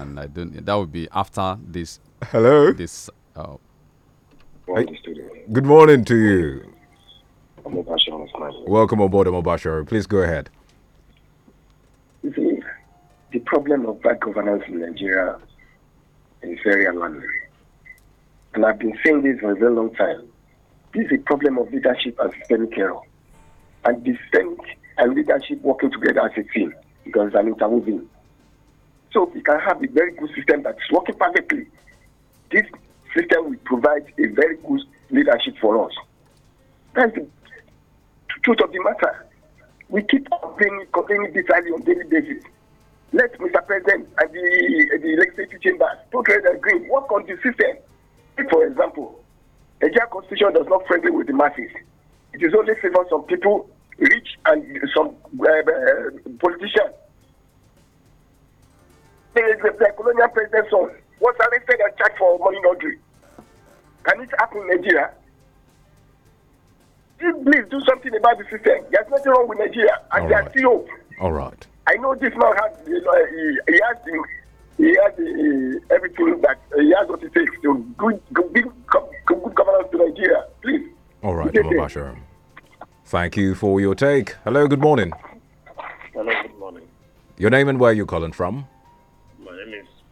and I don't. That would be after this. Hello. This. Uh, morning, good morning to you. I'm I'm Welcome aboard, Mobashir. Please go ahead. You see, the problem of bad governance in Nigeria is very alarming, and I've been saying this for a very long time. This is a problem of leadership and systemic error, and dissent and leadership working together as a team because I'm interwoven. So we can have a very good system that is working perfectly. This system will provide a very good leadership for us. That's the truth of the matter. We keep complaining, complaining bitterly on daily basis. Let Mr. President and the, the legislative chamber totally agree, work on the system. For example, the Nigerian constitution does not friendly with the masses. It is only favor some people, rich and some uh, uh, politicians the, the, colonial president's son was arrested and charged for money laundering. Can it happen in Nigeria? Please do something about the system. There's nothing wrong with Nigeria, and there's right. still hope. All right. I know this man has you know, he, he has the, he has the, everything that he has what it takes to good good, good governance to Nigeria. Please. All right, Mubashir. Thank you for your take. Hello. Good morning. Hello. Good morning. Your name and where you calling from?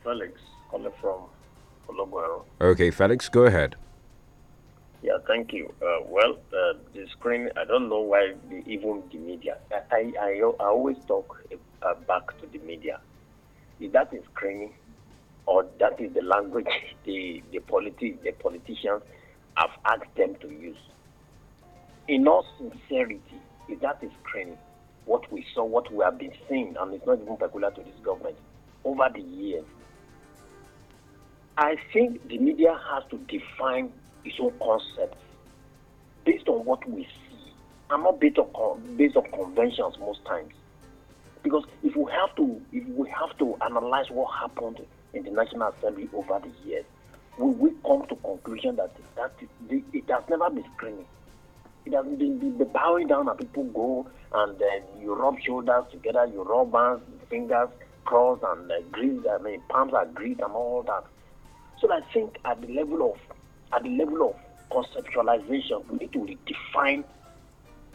Felix, calling from Okay, Felix, go ahead. Yeah, thank you. Uh, well, uh, the screen, I don't know why the, even the media. I, I, I always talk uh, back to the media. If that is screening, or that is the language the, the, politi- the politicians have asked them to use. In all sincerity, if that is screening, what we saw, what we have been seeing, and it's not even peculiar to this government, over the years, I think the media has to define its own concept based on what we see and not based on, based on conventions most times. Because if we have to, if we have to analyze what happened in the National Assembly over the years, we will come to conclusion that that it, it has never been screening. It has been the, the bowing down that people go and then you rub shoulders together, you rub hands, fingers crossed, and uh, grease. I mean, palms are greased and all that. So I think at the level of at the level of conceptualization, we need to redefine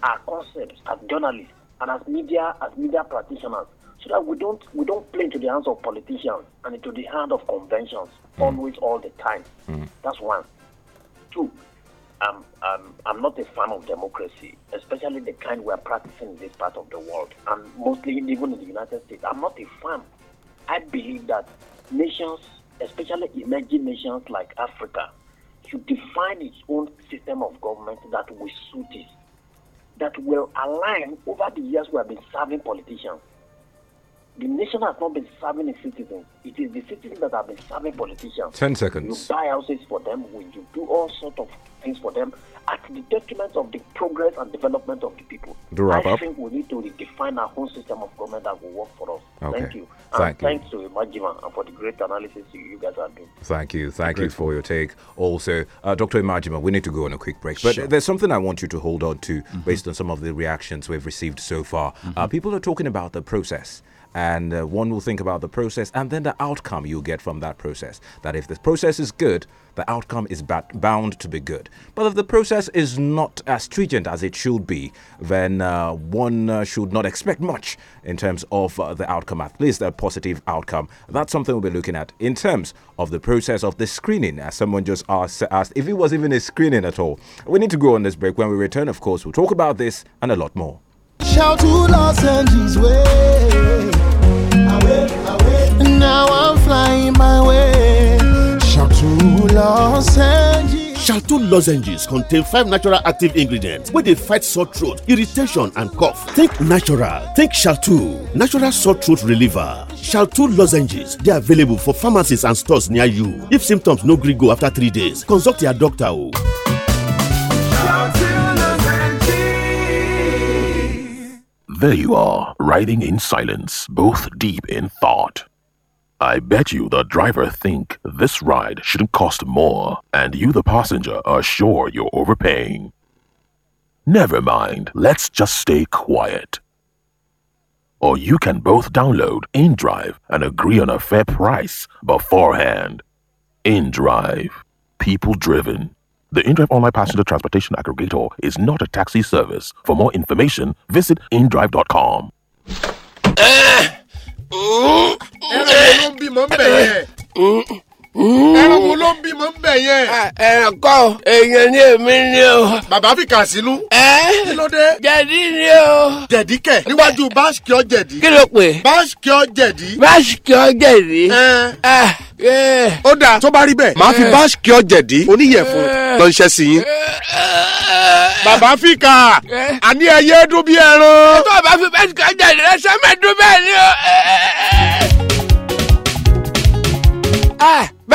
our concepts as journalists and as media as media practitioners so that we don't we don't play into the hands of politicians and into the hand of conventions mm. always all the time. Mm. That's one. Two, I'm am I'm not a fan of democracy, especially the kind we're practicing in this part of the world and mostly even in the United States. I'm not a fan. I believe that nations especially emerging nations like Africa, should define its own system of government that will suit it, that will align. Over the years, we have been serving politicians. The nation has not been serving its citizens. It is the citizens that have been serving politicians. Ten seconds. You buy houses for them. You do all sorts of things for them at the detriment of the progress and development of the people. Do wrap I up. think we need to redefine our whole system of government that will work for us. Okay. Thank you. And thank thanks you. to Imajima and for the great analysis you guys are doing. Thank you. Thank great. you for your take. Also, uh, Dr. Imajima, we need to go on a quick break. But sure. there's something I want you to hold on to mm -hmm. based on some of the reactions we've received so far. Mm -hmm. uh, mm-hmm. people are talking about the process and uh, one will think about the process and then the outcome you get from that process. That if the process is good, the outcome is bound to be good. But if the process is not as stringent as it should be, then uh, one uh, should not expect much in terms of uh, the outcome, at least a positive outcome. That's something we'll be looking at in terms of the process of the screening, as someone just asked, asked if it was even a screening at all. We need to go on this break. When we return, of course, we'll talk about this and a lot more. Shout to Los Angeles way. Away, away. Now I'm flying my way. Shout to Los Angeles. Shalto lozenges contain five natural active ingredients wey dey fight sore throat, irritation and cough. Think natural, think Shalto, natural sore throat reliever. Shalto lozenges dey available for pharmacies and stores near you. If symptoms no gree go after three days, consult your doctor o. Oh. there you are, riding in silence, both deep in thought. I bet you the driver think this ride shouldn't cost more, and you the passenger are sure you're overpaying. Never mind, let's just stay quiet. Or you can both download InDrive and agree on a fair price beforehand. InDrive, people driven. The InDrive Online Passenger Transportation Aggregator is not a taxi service. For more information, visit indrive.com. Uh, uh, uh, ẹran wo ló ń bímọ ń bẹ yẹn. Ah, ẹran kọ́ èèyàn ni èmi ni o. bàbá fi kà sílú. ẹ kí ló dé. jẹ̀dí ni o. jẹ̀dí kẹ̀ níwájú báṣkì ọ jẹ̀dí. kí ló pè. báṣkì ọ jẹ̀dí. báṣkì ọ jẹ̀dí. ó dáa tó bá rí bẹ́ẹ̀ máa fi báṣkì ọ jẹ̀dí oníyẹ̀fun lọ iṣẹ́ sí yín. bàbá fi kà àní ẹyẹ dún bí ẹran. tó bá fi báṣkì ọ jẹ̀dí rẹ sẹ́mẹ̀ẹ́dún bẹ́ẹ̀ ni o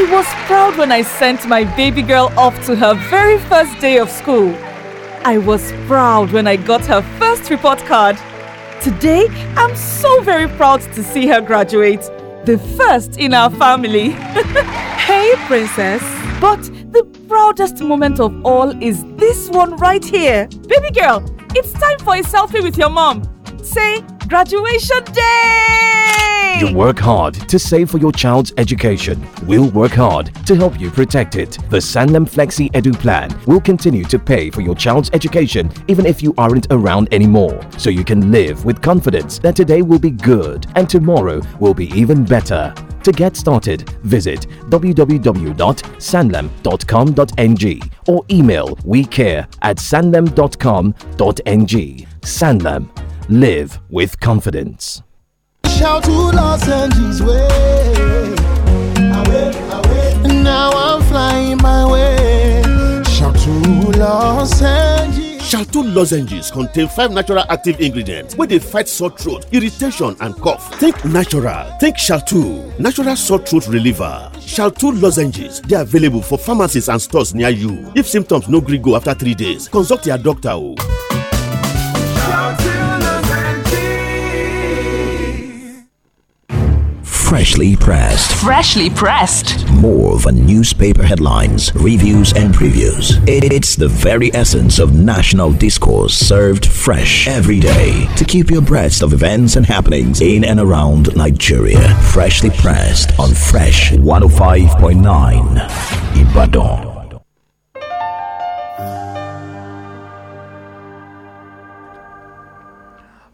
I was proud when I sent my baby girl off to her very first day of school. I was proud when I got her first report card. Today, I'm so very proud to see her graduate, the first in our family. hey, princess. But the proudest moment of all is this one right here. Baby girl, it's time for a selfie with your mom. Say, graduation day! You work hard to save for your child's education. We'll work hard to help you protect it. The Sanlam Flexi Edu Plan will continue to pay for your child's education even if you aren't around anymore. So you can live with confidence that today will be good and tomorrow will be even better. To get started, visit www.sanlam.com.ng or email we care at sanlam.com.ng. Sanlam Live with confidence. Shout to Los Angeles way. Now I'm flying my way. Shout to Los Angeles. Shalto lozenges contain five natural active ingredients where they fight sore throat, irritation and cough. Think natural, think Shalto, natural sore throat reliever. Shalto lozenges They are available for pharmacies and stores near you. If symptoms no gree go after three days, consult your doctor oh. Freshly pressed. Freshly pressed. More than newspaper headlines, reviews, and previews. It's the very essence of national discourse served fresh every day to keep you abreast of events and happenings in and around Nigeria. Freshly pressed on Fresh 105.9 Ibadan.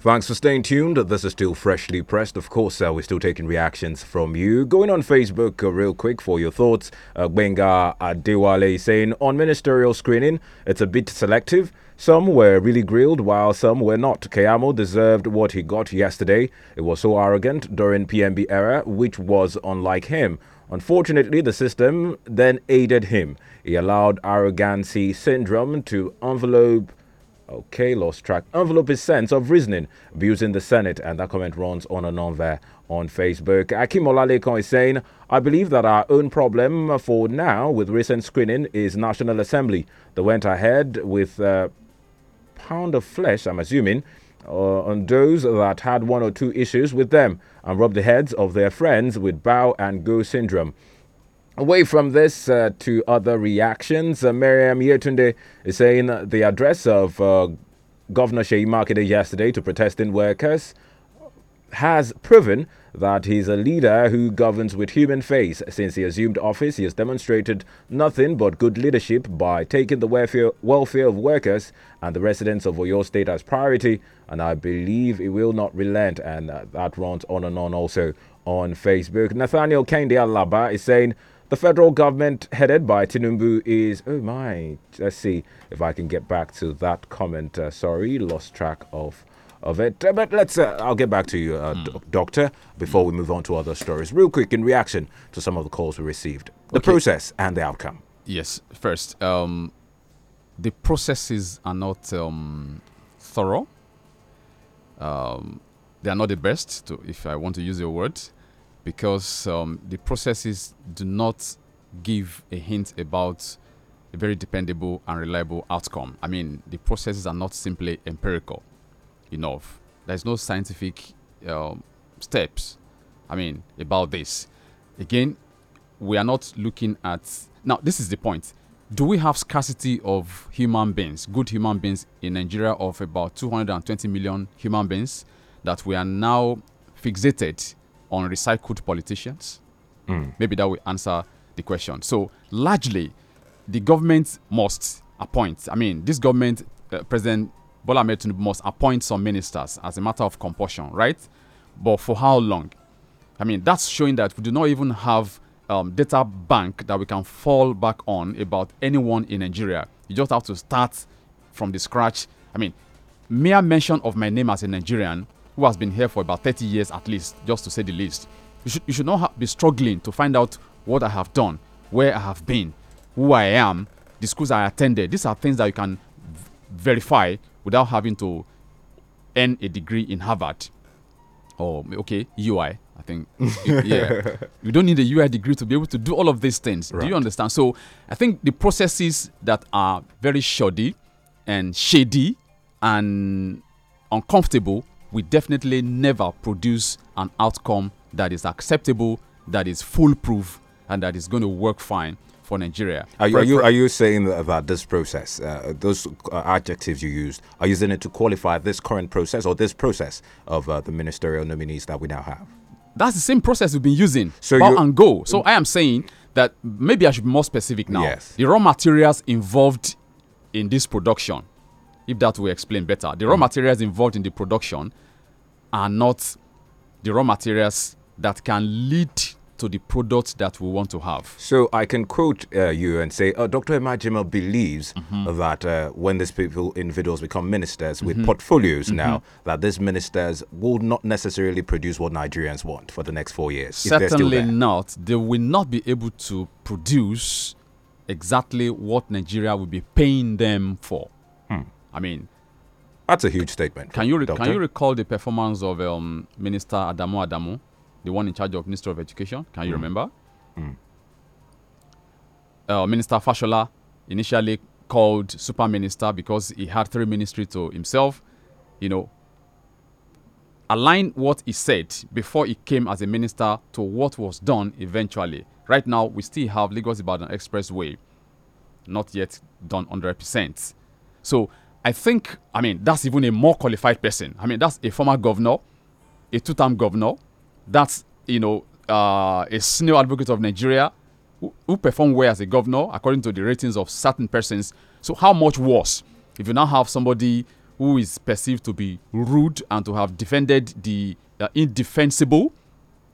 Thanks for staying tuned. This is still freshly pressed. Of course, uh, we're still taking reactions from you. Going on Facebook uh, real quick for your thoughts. Uh, Benga Adewale saying, on ministerial screening, it's a bit selective. Some were really grilled while some were not. Kayamo deserved what he got yesterday. It was so arrogant during PMB era, which was unlike him. Unfortunately, the system then aided him. He allowed arrogancy syndrome to envelope Okay, lost track. Envelope is sense of reasoning, abusing the Senate, and that comment runs on and on there on Facebook. Akim Olalekan is saying, I believe that our own problem for now with recent screening is National Assembly that went ahead with a pound of flesh, I'm assuming, uh, on those that had one or two issues with them and rubbed the heads of their friends with bow and go syndrome. Away from this uh, to other reactions, uh, Miriam Yetunde is saying the address of uh, Governor Sheyi Makinde yesterday to protesting workers has proven that he's a leader who governs with human face. Since he assumed office, he has demonstrated nothing but good leadership by taking the welfare, welfare of workers and the residents of Oyo State as priority, and I believe he will not relent. And uh, that runs on and on also on Facebook. Nathaniel Kendi Alaba is saying, the federal government, headed by Tinubu, is oh my. Let's see if I can get back to that comment. Uh, sorry, lost track of of it. Uh, but let's. Uh, I'll get back to you, mm. Doctor, before we move on to other stories. Real quick, in reaction to some of the calls we received, the okay. process and the outcome. Yes. First, um, the processes are not um, thorough. Um, they are not the best, to, if I want to use your word because um, the processes do not give a hint about a very dependable and reliable outcome. I mean, the processes are not simply empirical enough. There's no scientific um, steps, I mean, about this. Again, we are not looking at. Now, this is the point. Do we have scarcity of human beings, good human beings in Nigeria of about 220 million human beings that we are now fixated on recycled politicians? Mm. Maybe that will answer the question. So, largely, the government must appoint. I mean, this government, uh, President Bola Tinubu must appoint some ministers as a matter of compulsion, right? But for how long? I mean, that's showing that we do not even have um, data bank that we can fall back on about anyone in Nigeria. You just have to start from the scratch. I mean, mere mention of my name as a Nigerian who has been here for about 30 years at least, just to say the least. You should, you should not be struggling to find out what I have done, where I have been, who I am, the schools I attended. These are things that you can verify without having to earn a degree in Harvard or, oh, okay, UI. I think, yeah. you don't need a UI degree to be able to do all of these things. Right. Do you understand? So I think the processes that are very shoddy and shady and uncomfortable we definitely never produce an outcome that is acceptable, that is foolproof, and that is going to work fine for Nigeria. Are you, are you, are you saying that this process, uh, those uh, adjectives you used, are you using it to qualify this current process or this process of uh, the ministerial nominees that we now have? That's the same process we've been using. So you, and go. So I am saying that maybe I should be more specific now. Yes. The raw materials involved in this production, if that will explain better, the raw mm. materials involved in the production are not the raw materials that can lead to the product that we want to have. So I can quote uh, you and say, oh, Dr. Emajima believes mm -hmm. that uh, when these people, individuals become ministers with mm -hmm. portfolios mm -hmm. now, mm-hmm. that these ministers will not necessarily produce what Nigerians want for the next four years. Certainly not. They will not be able to produce exactly what Nigeria will be paying them for. Hmm. I mean, that's a huge statement. Can you Doctor? can you recall the performance of um, Minister Adamu Adamu, the one in charge of Minister of Education? Can you mm. remember? Mm. Uh, Minister Fashola initially called Super Minister because he had three ministries to himself. You know, align what he said before he came as a minister to what was done eventually. Right now, we still have Lagos Ibadan Expressway, not yet done 100%. So I think, I mean, that's even a more qualified person. I mean, that's a former governor, a two time governor, that's, you know, uh, a senior advocate of Nigeria who, who performed well as a governor according to the ratings of certain persons. So, how much worse if you now have somebody who is perceived to be rude and to have defended the uh, indefensible?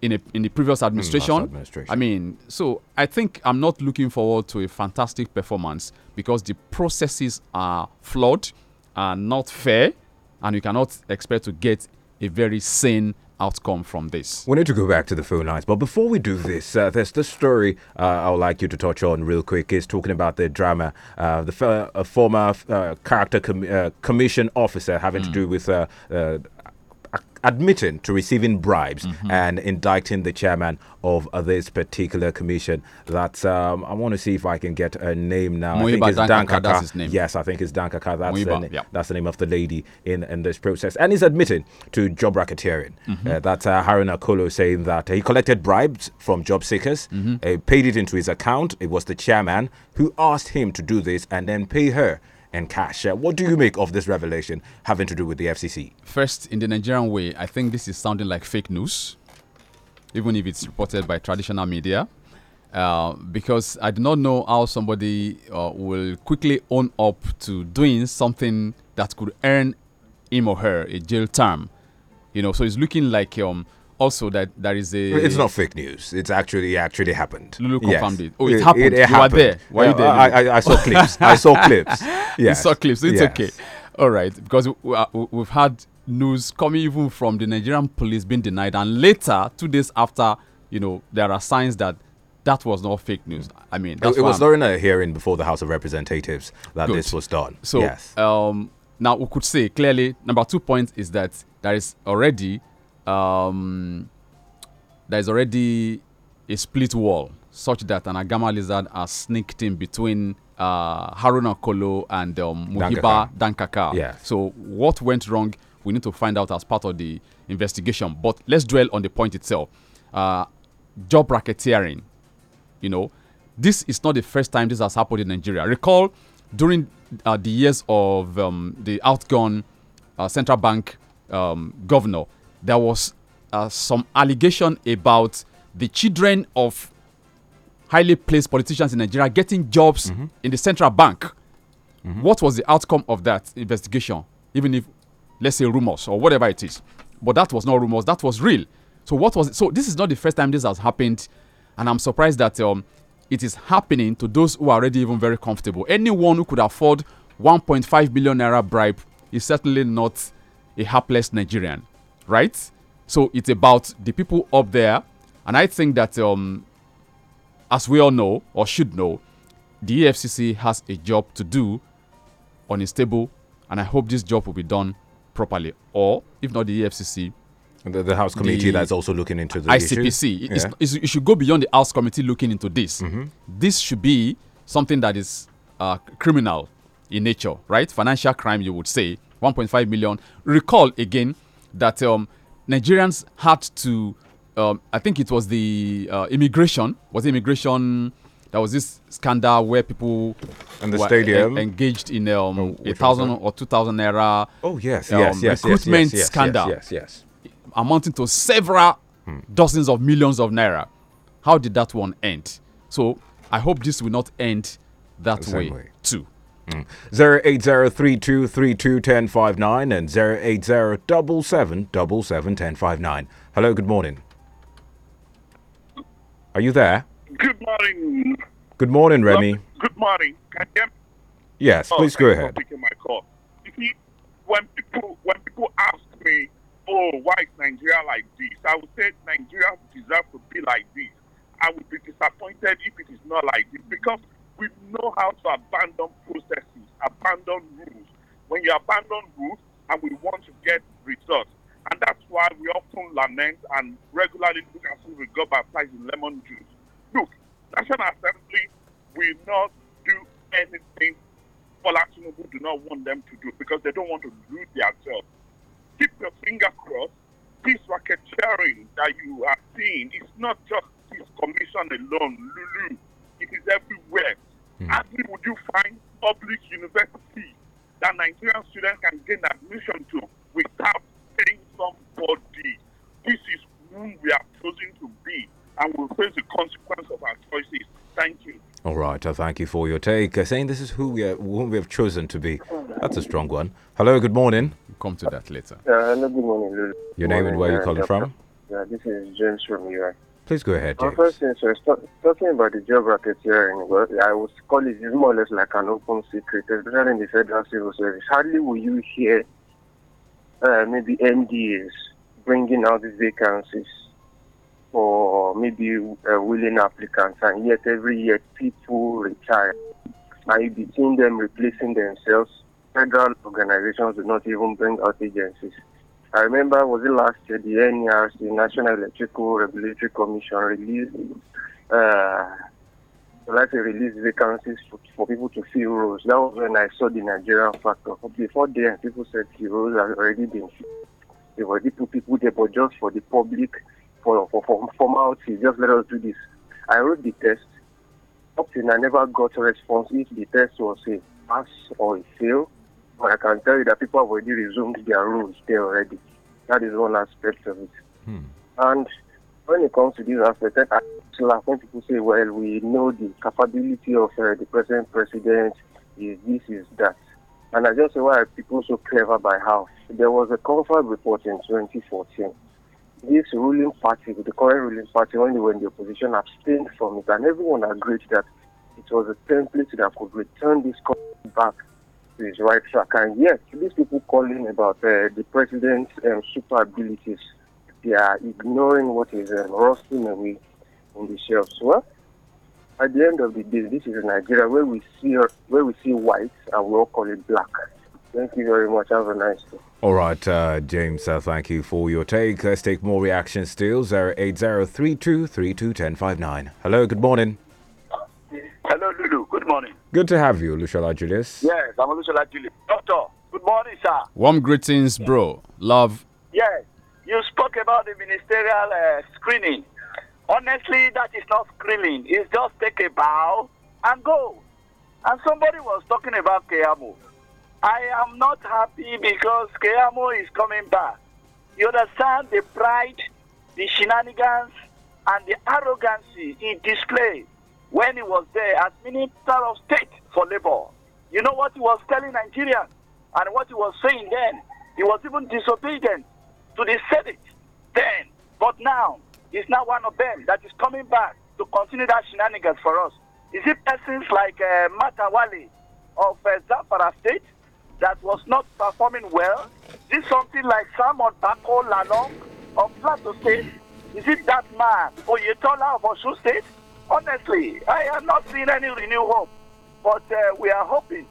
in a, in the previous mm, administration. Mm, administration. I mean, so I think I'm not looking forward to a fantastic performance because the processes are flawed, are not fair, and you cannot expect to get a very sane outcome from this. We need to go back to the phone lines, but before we do this, uh, there's this story uh, I would like you to touch on real quick. Is talking about the drama, uh, the uh, former uh, character com uh, commission officer having mm. to do with admitting to receiving bribes mm -hmm. and indicting the chairman of uh, this particular commission. That's um, I want to see if I can get a name now. Muiba I think it's Dan, Kaka. Name. Yes, I think it's Dan Kaka. That's, Muiba, the, yeah. that's the name of the lady in, in this process. And he's admitting to job racketeering. Mm -hmm. uh, that's uh, Harun Akolo saying that he collected bribes from job seekers, mm -hmm. paid it into his account. It was the chairman who asked him to do this and then pay her and cash. What do you make of this revelation having to do with the FCC? First, in the Nigerian way, I think this is sounding like fake news, even if it's reported by traditional media. Uh, because I do not know how somebody uh, will quickly own up to doing something that could earn him or her a jail term. You know, so it's looking like um, also that there is a. It's not fake news. It's actually it actually happened. Lulu confirmed yes. it. Oh, it, it happened. It, it happened. there. Why yeah, there? I, I, I, saw clips. I saw clips. Yes. You saw clips. It's yes. okay. All right, because uh, we, we've had news coming even from the Nigerian police being denied, and later, two days after, you know, there are signs that that was not fake news. I mean, it, was during a hearing before the House of Representatives that Good. this was done. So, yes. um, now we could say clearly, number two point is that there is already um, there is already a split wall such that an Agama lizard has sneaked in between uh, Haruna Kolo and um, Muhiba Dankaka. Dankaka. So what went wrong? We need to find out as part of the investigation. But let's dwell on the point itself. Uh, job racketeering. You know, this is not the first time this has happened in Nigeria. Recall during uh, the years of um, the outgone uh, central bank um, governor, there was uh, some allegation about the children of highly placed politicians in Nigeria getting jobs mm -hmm. in the central bank. Mm -hmm. What was the outcome of that investigation? Even if, let's say, rumors or whatever it is, but that was not rumors. That was real. So what was it? so? This is not the first time this has happened, and I'm surprised that um, it is happening to those who are already even very comfortable. Anyone who could afford 1.5 billion naira bribe is certainly not a hapless Nigerian right? So it's about the people up there. And I think that, um, as we all know or should know, the EFCC has a job to do on a table, and I hope this job will be done properly. Or if not the EFCC, the, the House Committee the that's also looking into the ICPC. Yeah. It's, it should go beyond the House Committee looking into this. Mm -hmm. This should be something that is uh, criminal in nature, right? Financial crime, you would say. 1.5 million. Recall again that um, Nigerians had to. Um, I think it was the uh, immigration. Was immigration? There was this scandal where people the stadium engaged in um, oh, a thousand or two thousand naira. Oh um, yes, yes, yes, recruitment yes, yes, scandal. Yes, yes, yes, amounting to several hmm. dozens of millions of naira. How did that one end? So I hope this will not end that way, way too. Zero eight zero three two three two ten five nine and zero eight zero double seven double seven ten five nine. Hello, good morning. Are you there? Good morning. Good morning, Remy. Good morning. Can you hear me? Yes, oh, please go ahead. For taking my call. You see, when people when people ask me, "Oh, why is Nigeria like this?" I would say Nigeria deserves to be like this. I would be disappointed if it is not like this because we know how to abandon processes, abandon rules. When you abandon rules and we want to get results, and that's why we often lament and regularly look at who we got baptized in lemon juice. Look, National Assembly will not do anything Bola Tinubu do not want them to do because they don't want to lose their job. Keep your finger crossed. This racketeering that you are seeing is not just this commission alone, Lulu it is everywhere. Mm. would you find public university that Nigerian students can gain admission to without paying somebody. This is whom we are chosen to be, and we'll face the consequence of our choices. Thank you. All right, I thank you for your take. Uh, saying this is who we are, whom we have chosen to be. That's a strong one. Hello, good morning. We'll come to that later. Uh, hello, good morning. Good your name morning, and where uh, you're calling from? Yeah, this is James from UI. Please go ahead. My first interest, talking about the job racketeering, well, I would call it more or less like an open secret, especially in the federal civil service. Hardly will you hear uh, maybe MDAs bringing out these vacancies for maybe uh, willing applicants, and yet every year people retire. Are you between them replacing themselves. Federal organizations do not even bring out agencies. I remember was it last year the NERC, National Electrical Regulatory Commission, released uh, like a release vacancies for, for, people to fill roles. That was when I saw the Nigerian factor. Before then, people said the roles have already been filled. They already put people there, but just for the public, for, for, for formality, just let us do this. I wrote the test. Up till I never got a response if the test was a pass or a fail. But I can tell you that people have already resumed their roles there already. That is one aspect of it. Hmm. And when it comes to this aspect, I laugh when people say, well, we know the capability of uh, the present president is this, is that. And I just say, why are people so clever by how? There was a Comfort report in 2014. This ruling party, the current ruling party, when they were in the opposition, abstained from it. And everyone agreed that it was a template that could return this country back his right track. And yes, these people calling about uh, the president's um, super abilities, they are ignoring what is um, rusting away in the shelves. Well, at the end of the day, this is Nigeria where we see where we see whites and we all call it black. Thank you very much. Have a nice day. All right, uh, James, uh, thank you for your take. Let's take more reactions still. 08032321059. Hello, good morning. Hello, Lulu. Good morning. Good to have you, Lushola Julius. Yes, I'm Lushola Julius. Doctor, good morning, sir. Warm greetings, bro. Love. Yes, you spoke about the ministerial uh, screening. Honestly, that is not screening. It's just take a bow and go. And somebody was talking about Keamo. I am not happy because Keamo is coming back. You understand the pride, the shenanigans, and the arrogancy he displays when he was there as Minister of State for Labor. You know what he was telling Nigerians and what he was saying then? He was even disobedient to the Senate then. But now, he's now one of them that is coming back to continue that shenanigans for us. Is it persons like uh, Matawali of uh, Zamfara State that was not performing well? Is it something like Simon Bako Lalong of Plateau State? Is it that man, Oyetola of Osun State? Honestly, I have not seen any renewed hope. But uh, we are hoping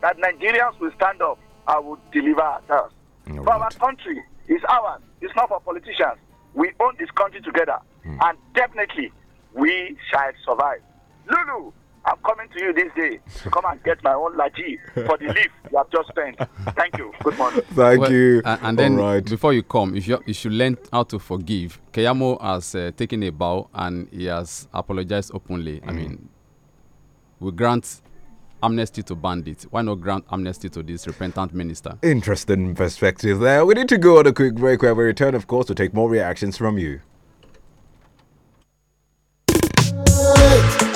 that Nigerians will stand up and will deliver ourselves. Right. our country is ours. It's not for politicians. We own this country together. Hmm. And definitely, we shall survive. Lulu, I'm coming to you this day to come and get my own laji for the leaf you have just spent. Thank you. Good morning. Thank well, you. Uh, and then right. before you come, if you, you should learn how to forgive. Kayamo has uh, taken a bow and he has apologized openly. Mm. I mean, we grant amnesty to bandits. Why not grant amnesty to this repentant minister? Interesting perspective there. We need to go on a quick break where we return, of course, to take more reactions from you.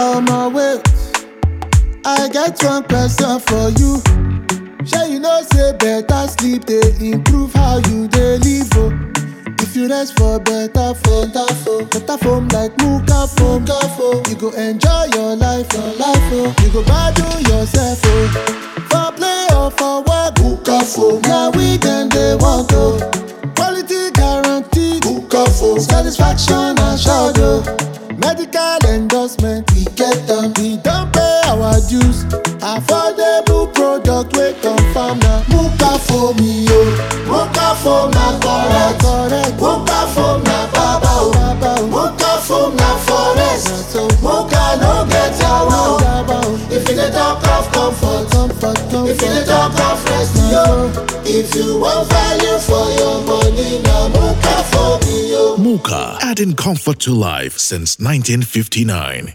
On my way, I get one question for you. Shall you know say better sleep they improve how you they live. Oh. If you rest for better for better form, better form like Muka form, you go enjoy your life, your life. Oh. You go battle yourself. Oh. For play or for work, Muka form. Now we then they want to. Oh. Quality guaranteed, Muka form. Satisfaction show you. medical endorsement we get am we don't pay our dues affordable product wey confam now. muka foam iyo muka foam na correct muka foam na baba o oh. oh. muka foam na forest oh. muka no get own. if you need talk of comfort if you need talk of rest yo if you want value for your money na muka foam. Mocha, adding comfort to life since 1959.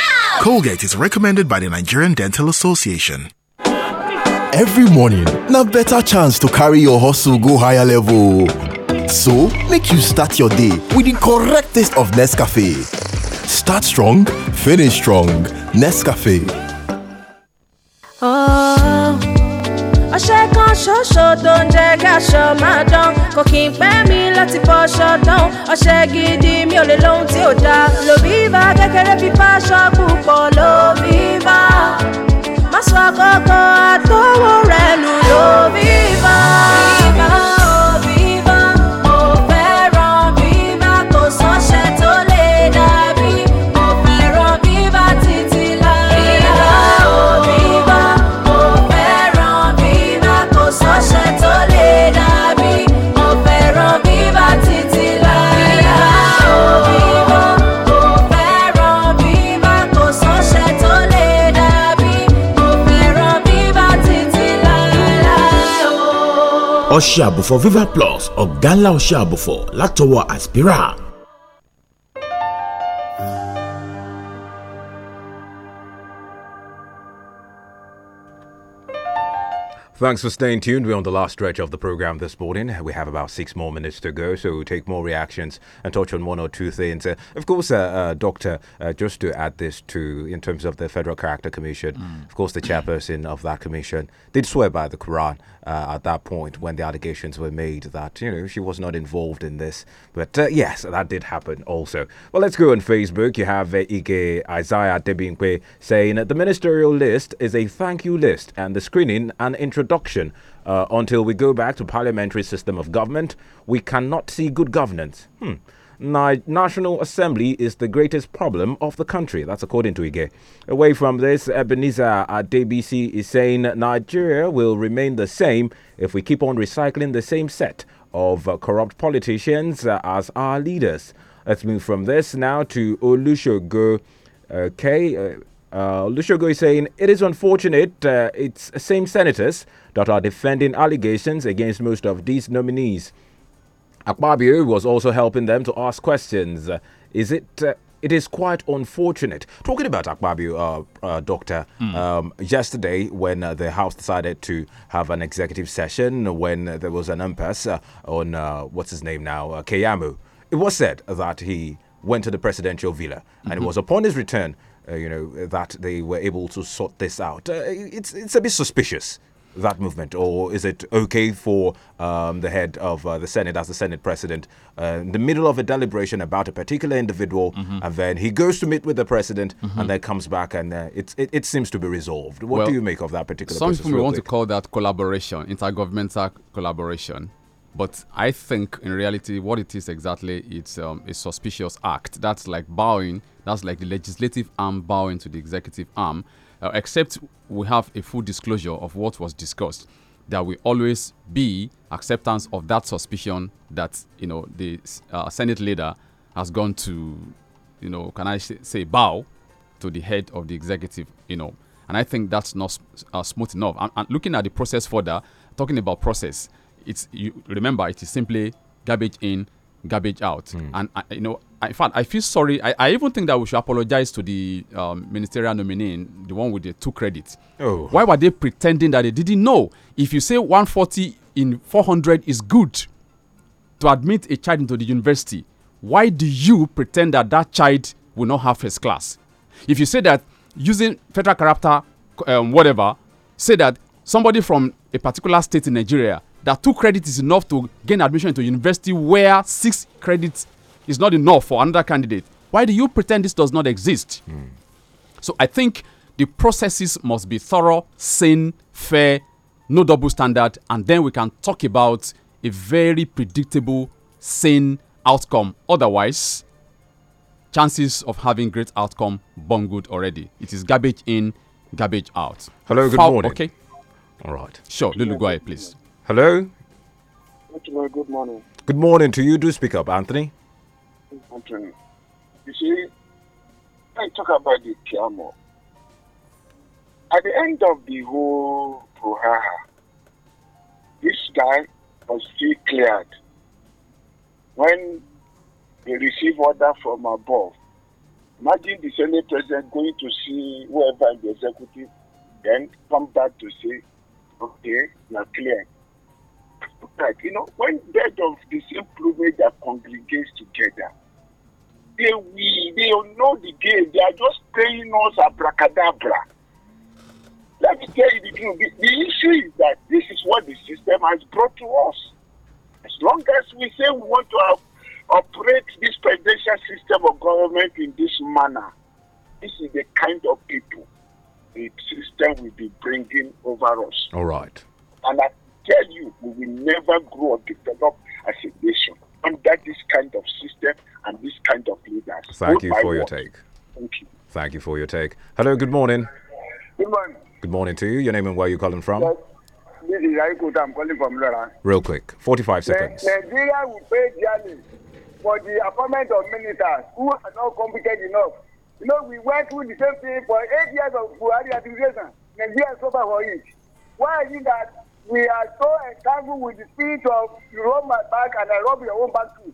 Colgate is recommended by the Nigerian Dental Association. Every morning, na better chance to carry your hustle go higher level. So, make you start your day with the correct taste of Nescafe. Start strong, finish strong. Nescafe. Oh. ọṣẹ kan ṣoṣo tó ń jẹ́ káṣọ máa dán kò kí n pẹ́ mi láti fọṣọ dán ọṣẹ gidi mi ò lè lóhun tí ò dáa lòbíbá kékeré fi fáṣọ púpọ̀ lòbíbá má sọ kókó àtọwọ́ rẹ nù lòbíbá. ọṣẹ àbùfọ̀ viva plus ọ̀gá ńlá ọṣẹ àbùfọ̀ látọwọ́ aspira. Thanks for staying tuned. We're on the last stretch of the program this morning. We have about six more minutes to go, so we'll take more reactions and touch on one or two things. Uh, of course, uh, uh, Doctor, uh, just to add this to, in terms of the Federal Character Commission, mm. of course, the chairperson of that commission did swear by the Quran uh, at that point when the allegations were made that, you know, she was not involved in this. But uh, yes, that did happen also. Well, let's go on Facebook. You have uh, Ike Isaiah Debinkwe saying the ministerial list is a thank you list and the screening and introduction. Uh, until we go back to parliamentary system of government, we cannot see good governance. Hmm. Ni- National Assembly is the greatest problem of the country. That's according to Ige. Away from this, Ebenezer at DBC is saying Nigeria will remain the same if we keep on recycling the same set of uh, corrupt politicians uh, as our leaders. Let's move from this now to Olushogo. Uh, okay, uh, uh, is saying it is unfortunate uh, it's same senators that are defending allegations against most of these nominees. Akpabio was also helping them to ask questions. Is it? Uh, it is quite unfortunate. Talking about Akpabio, uh, uh, Doctor, mm. um, yesterday when uh, the House decided to have an executive session, when there was an impasse uh, on uh, what's his name now, uh, it was said that he went to the presidential villa, mm-hmm. and it mm-hmm. was upon his return. Uh, you know that they were able to sort this out. it's it's a bit suspicious that movement, or is it okay for um, the head of uh, the Senate, as the Senate president, uh, in the middle of a deliberation about a particular individual, mm-hmm. and then he goes to meet with the president, mm-hmm. and then comes back, and uh, it, it, it seems to be resolved. What well, do you make of that particular? Some people want quick? to call that collaboration, intergovernmental collaboration. But I think in reality, what it is exactly, it's um, a suspicious act. That's like bowing. That's like the legislative arm bowing to the executive arm uh, except we have a full disclosure of what was discussed there will always be acceptance of that suspicion that you know the uh, Senate leader has gone to, you know, can I say bow to the head of the executive, you know, and I think that's not uh, smooth enough. And, and, looking at the process further, talking about process, it's you remember it is simply garbage in, garbage out. Mm. And I, you know, I, in fact, I feel sorry. I, I, even think that we should apologize to the um, ministerial nominee, the one with the two credits. Oh. Why were they pretending that they didn't know? If you say 140 in 400 is good to admit a child into the university, why do you pretend that that child will not have first class? If you say that using federal character, um, whatever, say that somebody from a particular state in Nigeria that two credits is enough to gain admission to university where six credits is not enough for another candidate. Why do you pretend this does not exist? Mm. So I think the processes must be thorough, sane, fair, no double standard, and then we can talk about a very predictable, sane outcome. Otherwise, chances of having great outcome bungled already. It is garbage in, garbage out. Hello, good Foul, morning. Okay. All right. Sure, Lulu, go ahead, please. Hello? Good morning. Good morning to you. Do speak up, Anthony. Anthony, you see, I talk about the piano. At the end of the whole brouhaha, this guy was still cleared. When they receive order from above, imagine the Senate president going to see whoever the executive, then come back to say, okay, now clear that, you know, when bed of the same plumage that congregates together, they we they know the game. They are just playing us abracadabra. Let me tell you the truth. The, the issue is that this is what the system has brought to us. As long as we say we want to have, operate this presidential system of government in this manner, this is the kind of people the system will be bringing over us. All right. And I tell you, we will never grow or develop as a nation under this kind of system and this kind of leaders. Thank you for your take. Thank you. Thank you for your take. Hello, good morning. Good morning. Good morning to you. Your name and where you calling from? this is I'm calling from Lora. Real quick, 45 seconds. Nigeria will pay dearly for the appointment of ministers who are not competent enough. You know, we went through the same thing for eight years of Buhari administration. Nigeria suffered for it. Why is it that we are so entangled with the spirit of you rub my back and I rub your own back too.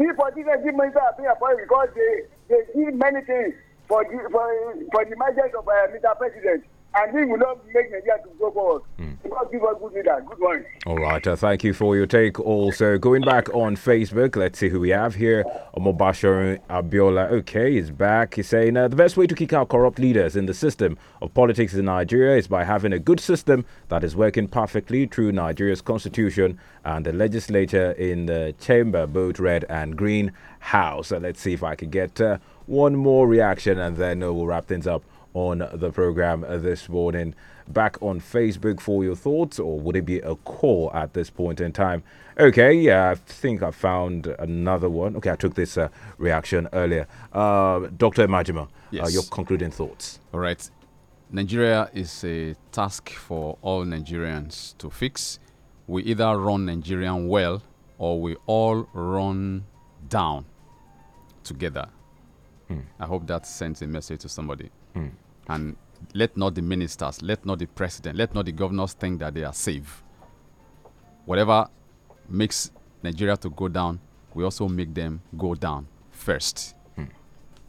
This politicians give money to appointed because they they give many things for the for, for the margins of uh, Mr. President and we will not make Nigeria to go forward. Mm. good leader. Good morning. All right. Uh, thank you for your take. Also, going back on Facebook, let's see who we have here. Omobasho Abiola. Okay, he's back. He's saying uh, the best way to kick out corrupt leaders in the system of politics in Nigeria is by having a good system that is working perfectly through Nigeria's constitution and the legislature in the chamber, both red and green house. Uh, let's see if I can get uh, one more reaction and then uh, we'll wrap things up on the program this morning. Back on Facebook for your thoughts, or would it be a call at this point in time? Okay, yeah, I think I found another one. Okay, I took this uh, reaction earlier. Uh, Dr. Majima, uh, yes. uh, your concluding thoughts. All right. Nigeria is a task for all Nigerians to fix. We either run Nigerian well or we all run down together. Mm. I hope that sends a message to somebody. Mm. And let not the ministers, let not the president, let not the governors think that they are safe. Whatever makes Nigeria to go down, we also make them go down first.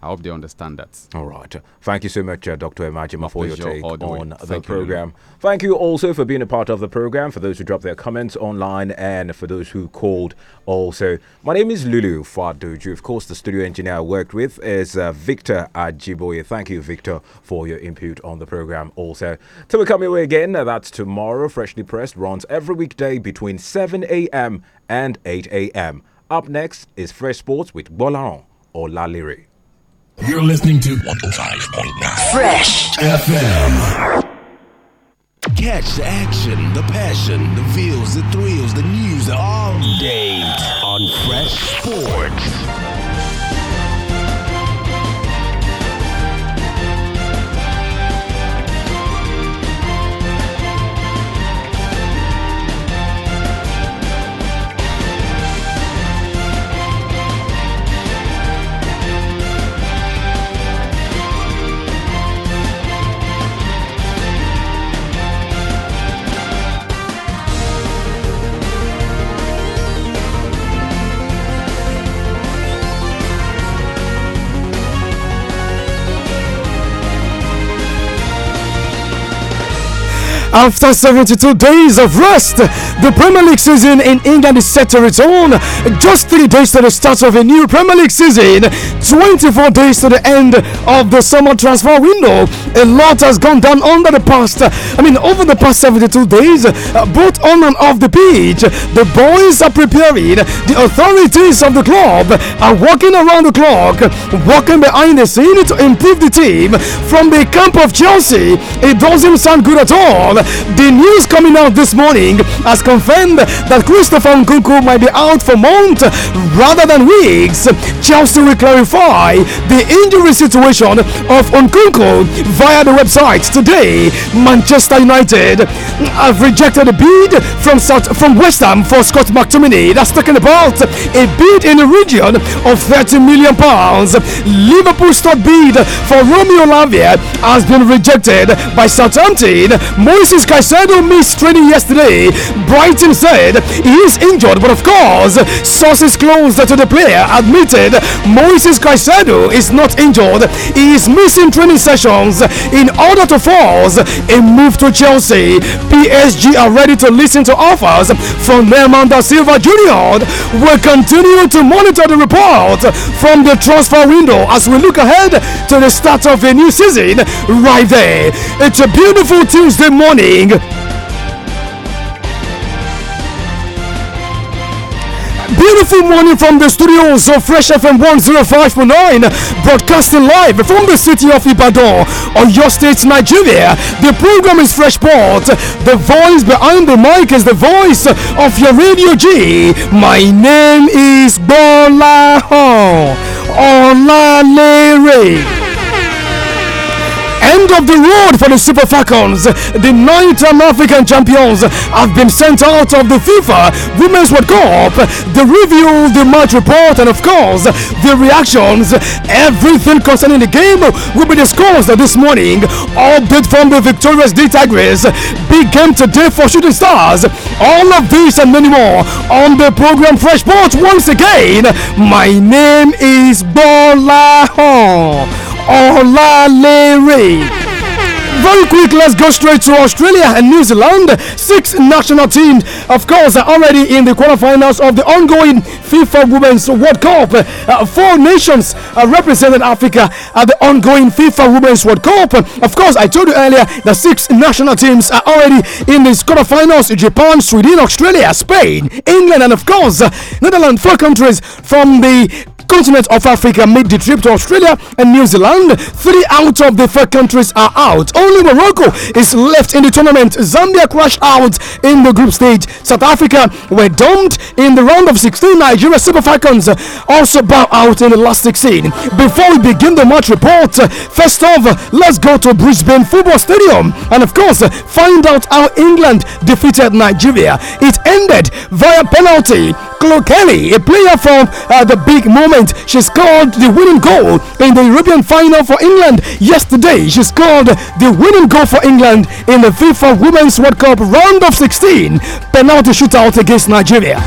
I hope they understand that. All right. Thank you so much, uh, Dr. Emajima, for your take on the Thank program. You. Thank you also for being a part of the program, for those who dropped their comments online, and for those who called also. My name is Lulu Fadoju. Of course, the studio engineer I worked with is uh, Victor Ajiboye. Thank you, Victor, for your input on the program also. Till we come your way again, that's tomorrow. Freshly Pressed runs every weekday between 7 a.m. and 8 a.m. Up next is Fresh Sports with Bolan or Laliri. You're listening to 105.9 Fresh FM. Catch the action, the passion, the feels, the thrills, the news all day on Fresh Sports. After 72 days of rest, the Premier League season in England is set to return. Just three days to the start of a new Premier League season, 24 days to the end of the summer transfer window. A lot has gone down under the past, I mean, over the past 72 days, both on and off the pitch. The boys are preparing, the authorities of the club are working around the clock, working behind the scene to improve the team. From the camp of Chelsea, it doesn't sound good at all. The news coming out this morning has confirmed that Christopher Nkunku might be out for months rather than weeks. Chelsea will clarify the injury situation of Nkunku via the website today. Manchester United have rejected a bid from South, from West Ham for Scott McTominay. That's talking about a bid in the region of 30 million pounds. Liverpool's top bid for Romeo Lavia has been rejected by Southampton. Moise since Caicedo missed training yesterday, Brighton said he is injured, but of course, sources close to the player admitted Moises Caicedo is not injured. He is missing training sessions in order to force a move to Chelsea. PSG are ready to listen to offers from Neymar da Silva Jr. We'll continue to monitor the report from the transfer window as we look ahead to the start of a new season right there. It's a beautiful Tuesday morning. Beautiful morning from the studios of Fresh FM 105.9, broadcasting live from the city of Ibadan, on your state, Nigeria. The program is Fresh Port. The voice behind the mic is the voice of your Radio G. My name is Bola Ho Olalere end of the road for the Super Falcons. The nine-time African champions have been sent out of the FIFA Women's World Cup. The review the match report and, of course, the reactions. Everything concerning the game will be discussed this morning. Update from the victorious D Tigers. Big game today for Shooting Stars. All of this and many more on the program Fresh Sports once again. My name is Bola Ola Leary. Very quick, let's go straight to Australia and New Zealand. Six national teams, of course, are already in the quarterfinals of the ongoing FIFA Women's World Cup. Uh, four nations uh, represented Africa at the ongoing FIFA Women's World Cup. Of course, I told you earlier that six national teams are already in the quarterfinals Japan, Sweden, Australia, Spain, England, and of course, Netherlands. Four countries from the continent of Africa made the trip to Australia and New Zealand. Three out of the four countries are out. Only Morocco is left in the tournament. Zambia crashed out in the group stage. South Africa were dumped in the round of 16. Nigeria Super Falcons also bow out in the last 16. Before we begin the match report, first off, let's go to Brisbane Football Stadium and, of course, find out how England defeated Nigeria. It ended via penalty Chloe Kelly, a player from uh, the big moment. She scored the winning goal in the European final for England yesterday. She scored the winning goal for England in the FIFA Women's World Cup round of 16 penalty shootout against Nigeria.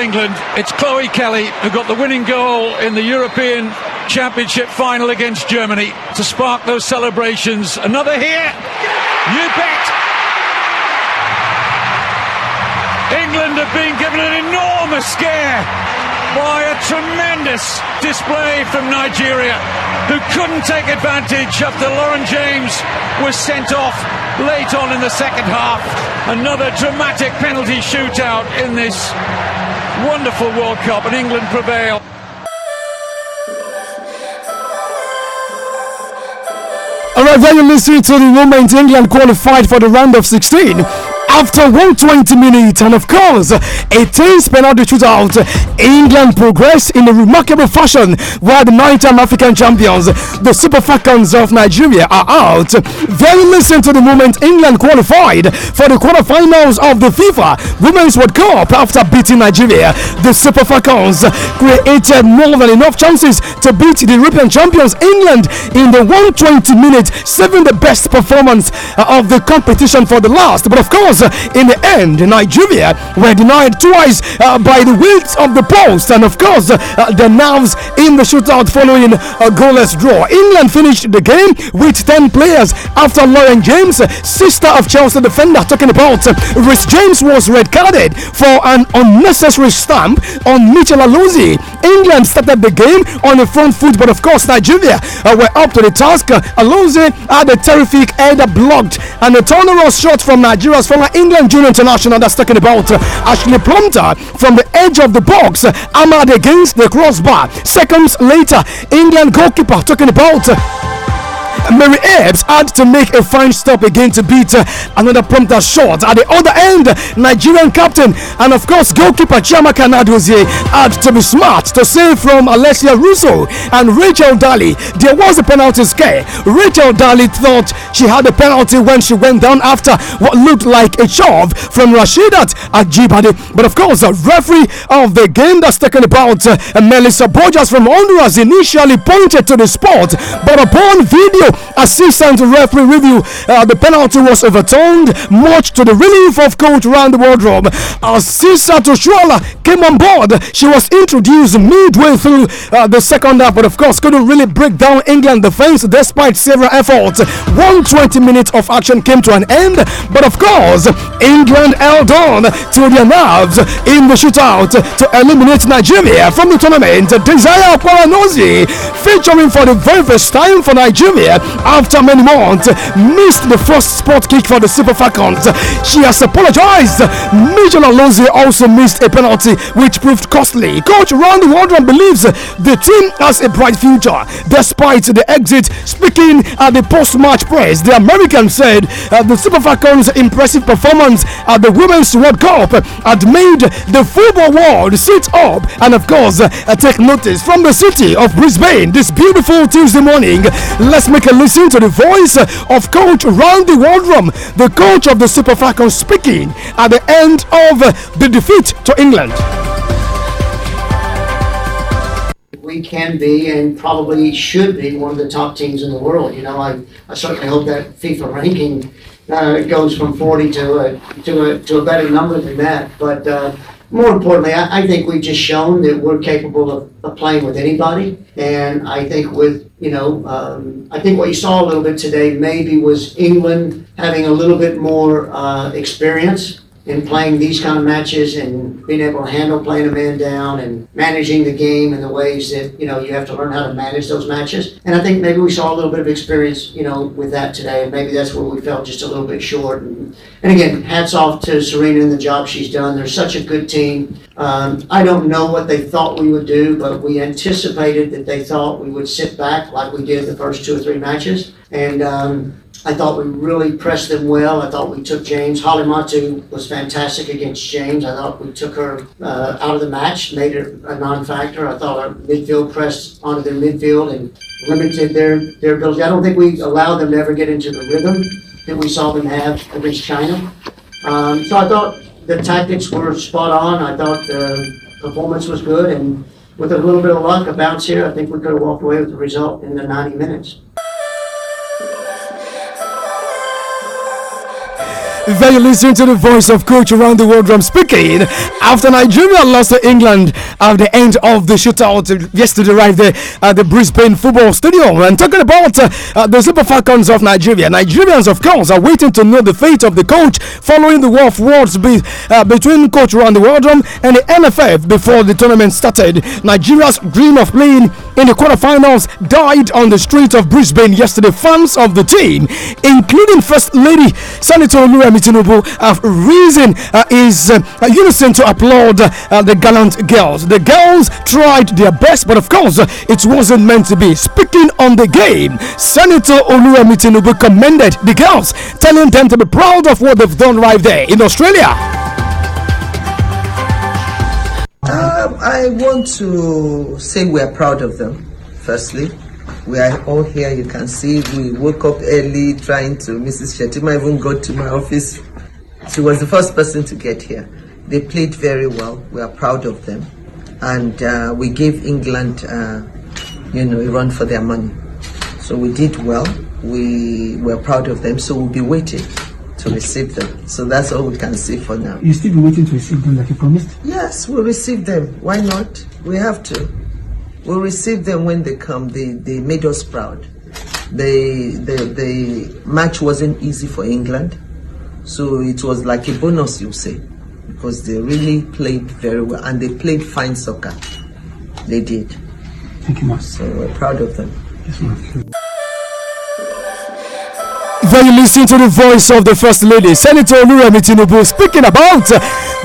England, it's Chloe Kelly who got the winning goal in the European Championship final against Germany to spark those celebrations. Another here. You bet. England have been given an enormous scare by a tremendous display from Nigeria, who couldn't take advantage after Lauren James was sent off late on in the second half. Another dramatic penalty shootout in this wonderful World Cup, and England prevail. Alright, then you're listening to the Women's England qualified for the round of 16 after 120 minutes. And of course, a 10 penalty shootout. England progress in a remarkable fashion while the nine-time African champions, the Super Falcons of Nigeria, are out. very listen to the moment England qualified for the quarterfinals of the FIFA Women's World Cup after beating Nigeria. The Super Falcons created more than enough chances to beat the European champions England in the 120 minutes, saving the best performance uh, of the competition for the last. But of course, because uh, in the end, Nigeria were denied twice uh, by the wheels of the post and, of course, uh, the nerves in the shootout following a goalless draw. England finished the game with 10 players after Lauren James, sister of Chelsea defender, talking about Rhys James was red carded for an unnecessary stamp on Mitchell Alozzi. England started the game on the front foot, but of course, Nigeria uh, were up to the task. Alozzi had a terrific header blocked and a turnaround shot from Nigeria's former England junior international that's talking about uh, Ashley Plumter from the edge of the box, uh, Ahmad against the crossbar. Seconds later, England goalkeeper talking about. Uh, Mary Ebbs had to make a fine stop again to beat uh, another prompter shot. At the other end, Nigerian captain and of course goalkeeper Chiamaka Nadozie had to be smart to save from Alessia Russo and Rachel Daly. There was a penalty scare. Rachel Daly thought she had a penalty when she went down after what looked like a shove from Rashidat Ajibade. But of course, the referee of the game that's taken about, uh, Melissa Borges from Honduras, initially pointed to the spot, but upon video, assistant referee review. Uh, the penalty was overturned, much to the relief of coach Randy Wardrobe. As Sisa Toshuala came on board, she was introduced midway through uh, the second half, but of course couldn't really break down England defense despite several efforts. 120 minutes of action came to an end, but of course England held on to their nerves in the shootout to eliminate Nigeria from the tournament. Desire Paranozi featuring for the very first time for Nigeria after many months, missed the first spot kick for the Super Falcons. She has apologized. Major Alonso also missed a penalty, which proved costly. Coach Randy Waldron believes the team has a bright future despite the exit. Speaking at the post match press, the American said uh, the Super Falcons' impressive performance at the Women's World Cup had made the football world sit up and, of course, uh, take notice from the city of Brisbane this beautiful Tuesday morning. Let's make to listen to the voice of Coach Randy Waldrum, the coach of the Super Falcons, speaking at the end of the defeat to England. We can be and probably should be one of the top teams in the world. You know, I, I certainly hope that FIFA ranking uh, goes from 40 to a, to, a, to a better number than that. But uh, more importantly, I, I, think we've just shown that we're capable of, of, playing with anybody. And I think with you know, um, I think what you saw a little bit today maybe was England having a little bit more uh, experience in playing these kind of matches and being able to handle playing a man down and managing the game in the ways that you know you have to learn how to manage those matches. And I think maybe we saw a little bit of experience, you know, with that today, and maybe that's where we felt just a little bit short. And, and again, hats off to Serena and the job she's done. They're such a good team. Um, I don't know what they thought we would do, but we anticipated that they thought we would sit back like we did the first two or three matches, and um, I thought we really pressed them well. I thought we took James. Holly Matu was fantastic against James. I thought we took her uh, out of the match, made her a non-factor. I thought our midfield pressed onto their midfield and limited their, their ability. I don't think we allowed them to ever get into the rhythm that we saw them have against China. Um, so I thought the tactics were spot on. I thought the performance was good, and with a little bit of luck, a bounce here, I think we could have walked away with the result in the 90 minutes. There you listen to the voice of coach around the world drum speaking after Nigeria lost to England at the end of the shootout yesterday right there at the Brisbane Football Stadium. And talking about uh, the Super Falcons of Nigeria, Nigerians of course are waiting to know the fate of the coach following the war of words be, uh, between coach around the world drum and the NFF before the tournament started. Nigeria's dream of playing in the quarterfinals died on the streets of Brisbane yesterday. Fans of the team, including First Lady Senator Lua Remi Tinubu reason uh, is uh, unison to applaud uh, the gallant girls. The girls tried their best, but of course, it wasn't meant to be. Speaking on the game, Senator Oluwemi Tinubu commended the girls, telling them to be proud of what they've done right there in Australia. Um, I want to say we're proud of them, firstly we are all here. You can see we woke up early trying to. Mrs. Shetima even got to my office. She was the first person to get here. They played very well. We are proud of them. And uh, we gave England, uh, you know, a run for their money. So we did well. We were proud of them. So we'll be waiting to receive them. So that's all we can say for now. You still be waiting to receive them like you promised? Yes, we'll receive them. Why not? We have to. We received them when they come. They, they made us proud. The, the, the match wasn't easy for England. So it was like a bonus, you say, because they really played very well and they played fine soccer. They did. Thank you, Mas. So we're proud of them. Yes, ma'am. Then you listen to the voice of the First Lady, Senator Oluremi Tinubu, speaking about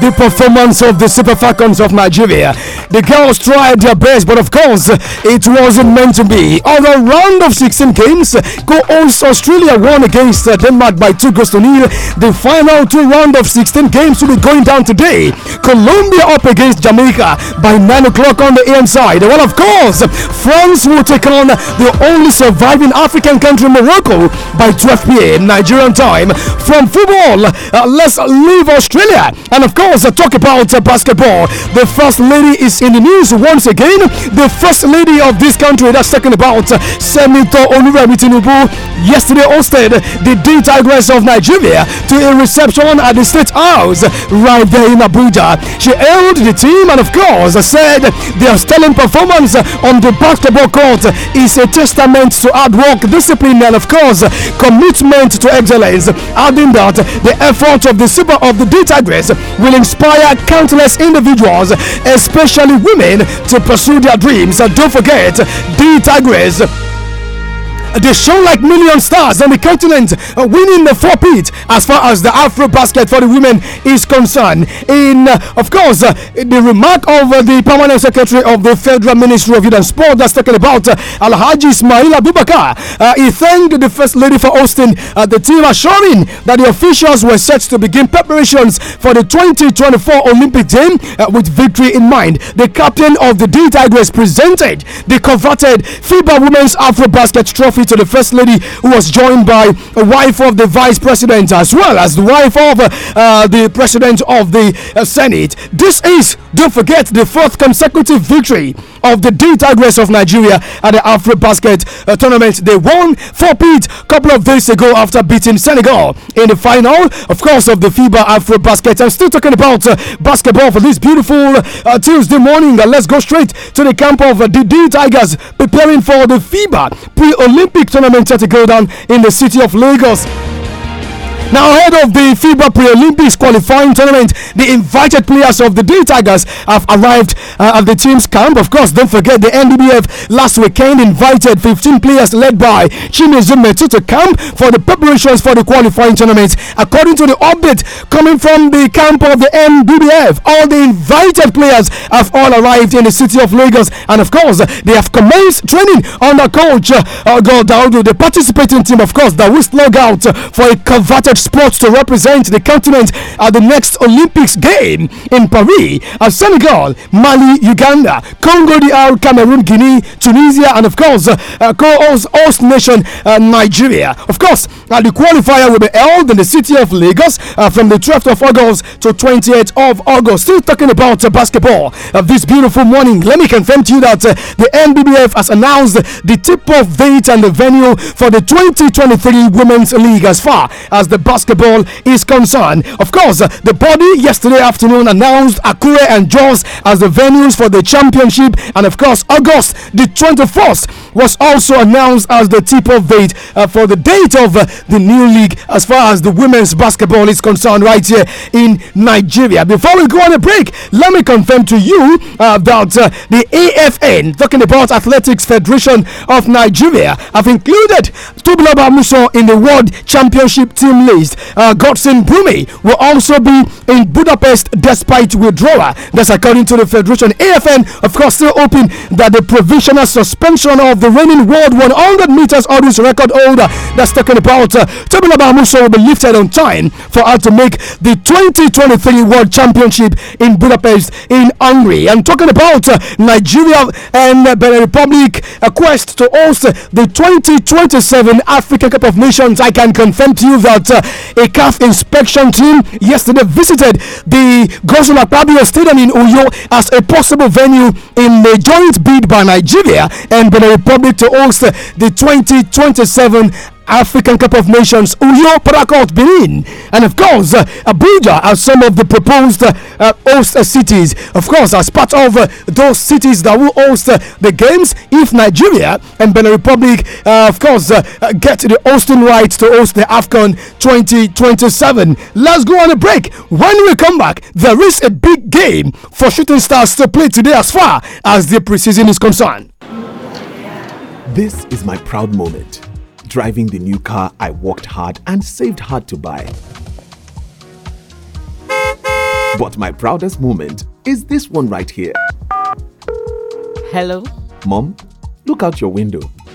the performance of the Super Falcons of Nigeria. The girls tried their best, but of course, it wasn't meant to be. On the round of 16 games, co-hosts Australia won against uh, Denmark by 2 goals to nil. The final two round of 16 games will be going down today. Colombia up against Jamaica by 9 o'clock on the AM side. Well, of course, France will take on the only surviving African country, Morocco, by 12 p.m. Nigerian time. From football, uh, let's leave Australia and, of course, course, talk about uh, basketball. The first lady is in the news once again. The first lady of this country that's talking about uh, Senator Onuremi Tinubu yesterday hosted the D Tigress of Nigeria to a reception at the State House right there in Abuja. She hailed the team and, of course, said their sterling performance on the basketball court is a testament to hard work, discipline, and, of course, commitment to excellence. Adding that the effort of the super of the D Tigress will inspire countless individuals, especially women, to pursue their dreams. And don't forget, the Tigress they shone like million stars on the continent, uh, winning the forfeit as far as the Afro basket for the women is concerned. In, uh, of course, uh, the remark of uh, the permanent secretary of the Federal Ministry of Youth and Sport that's talking about uh, Alhaji Ismail Abubakar, uh, he thanked the First Lady for hosting uh, the team, assuring that the officials were set to begin preparations for the 2024 Olympic Games with victory in mind. The captain of the D Tigers presented the coveted FIBA Women's Afro Basket Trophy to the First Lady, who was joined by a wife of the Vice President as well as the wife of uh, the President of the uh, Senate. This is, don't forget, the fourth consecutive victory of the D Tigers of Nigeria at the Afro Basket uh, tournament. They won four peat a couple of days ago after beating Senegal in the final, of course, of the FIBA Afro Basket. I'm still talking about uh, basketball for this beautiful uh, Tuesday morning. Uh, let's go straight to the camp of uh, the D Tigers preparing for the FIBA pre Olympic tournament to go down in the city of Lagos. Now, ahead of the FIBA Pre Olympics qualifying tournament, the invited players of the D Tigers have arrived uh, at the team's camp. Of course, don't forget the NDBF last weekend invited 15 players led by Chimezu Metu to camp for the preparations for the qualifying tournament. According to the update coming from the camp of the NDBF, all the invited players have all arrived in the city of Lagos, and of course, they have commenced training under coach uh, the participating team, of course, that will slug out for a coveted Sports to represent the continent at the next Olympics game in Paris as Senegal, Mali, Uganda, Congo the Al, Cameroon, Guinea, Tunisia, and of course, uh, co-host host nation uh, Nigeria. Of course, uh, the qualifier will be held in the city of Lagos uh, from the 12th of August to 28th of August. Still talking about uh, basketball this beautiful morning. Let me confirm to you that uh, the NBBF has announced the tip-off date and the venue for the 2023 Women's League as far as the basketball is concerned. Of course, the body yesterday afternoon announced Akure and Jaws as the venues for the championship, and of course, August the 24th was also announced as the tip of date uh, for the date of uh, the new league as far as the women's basketball is concerned right here in Nigeria. Before we go on a break, let me confirm to you uh, that uh, the AFN, talking about Athletics Federation of Nigeria, have included Tubulaba Muso in the World Championship Team League praised. Uh, Godson Brumi will also be in Budapest despite withdrawal. That's according to the Federation. AFN, of course, still hoping that the provisional suspension of the reigning world 100 meters audience record holder that's talking about uh, Tabula Bamuso will be lifted on time for her to make the 2023 World Championship in Budapest in Hungary. I'm talking about uh, Nigeria and uh, Benin Republic a quest to host the 2027 African Cup of Nations. I can confirm to you that uh, a calf inspection team yesterday visited the Gosul Pabio Stadium in Uyo as a possible venue in a joint bid by Nigeria and Benin the Republic to host the 2027 African Cup of Nations, Uyo, Paracourt, Benin, and of course uh, Abuja are some of the proposed uh, uh host uh, cities. Of course, as part of uh, those cities that will host uh, the games, if Nigeria and Benin Republic, of course, get the hosting rights to host the AFCON 2027. Let's go on a break. When we come back, there is a big game for shooting stars to play today as far as the preseason is concerned. This is my proud moment driving the new car I worked hard and saved hard to buy. But my proudest moment is this one right here. Hello? Mom, look out your window.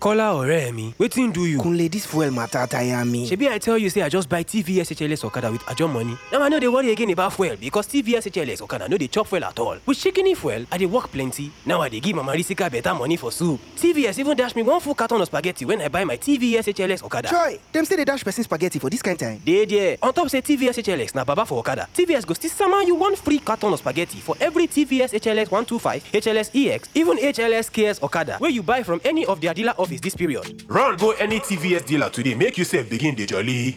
kola ọ̀rẹ́ mi wetin do you. kunle dis fuel matter tire me. shebi i tell you say i just buy tvs hls okada with ajo money now i no dey worry again about fuel because tvs hls okada no dey chop fuel at all with shikini fuel i dey work plenty now i dey give mama risika better money for soup tvs even dash me one full carton of spaghetti when i buy my tvs hls okada. joy dem say dey dash person spaghetti for dis kind time. dey there on top say tvs hls na baba for okada tvs go still sama you one free carton of spaghetti for every tvs hls 125 hls ex even hls ks okada wey you buy from any of their dealer offices. office this period. Run go any TVS dealer today, make yourself begin the jolly.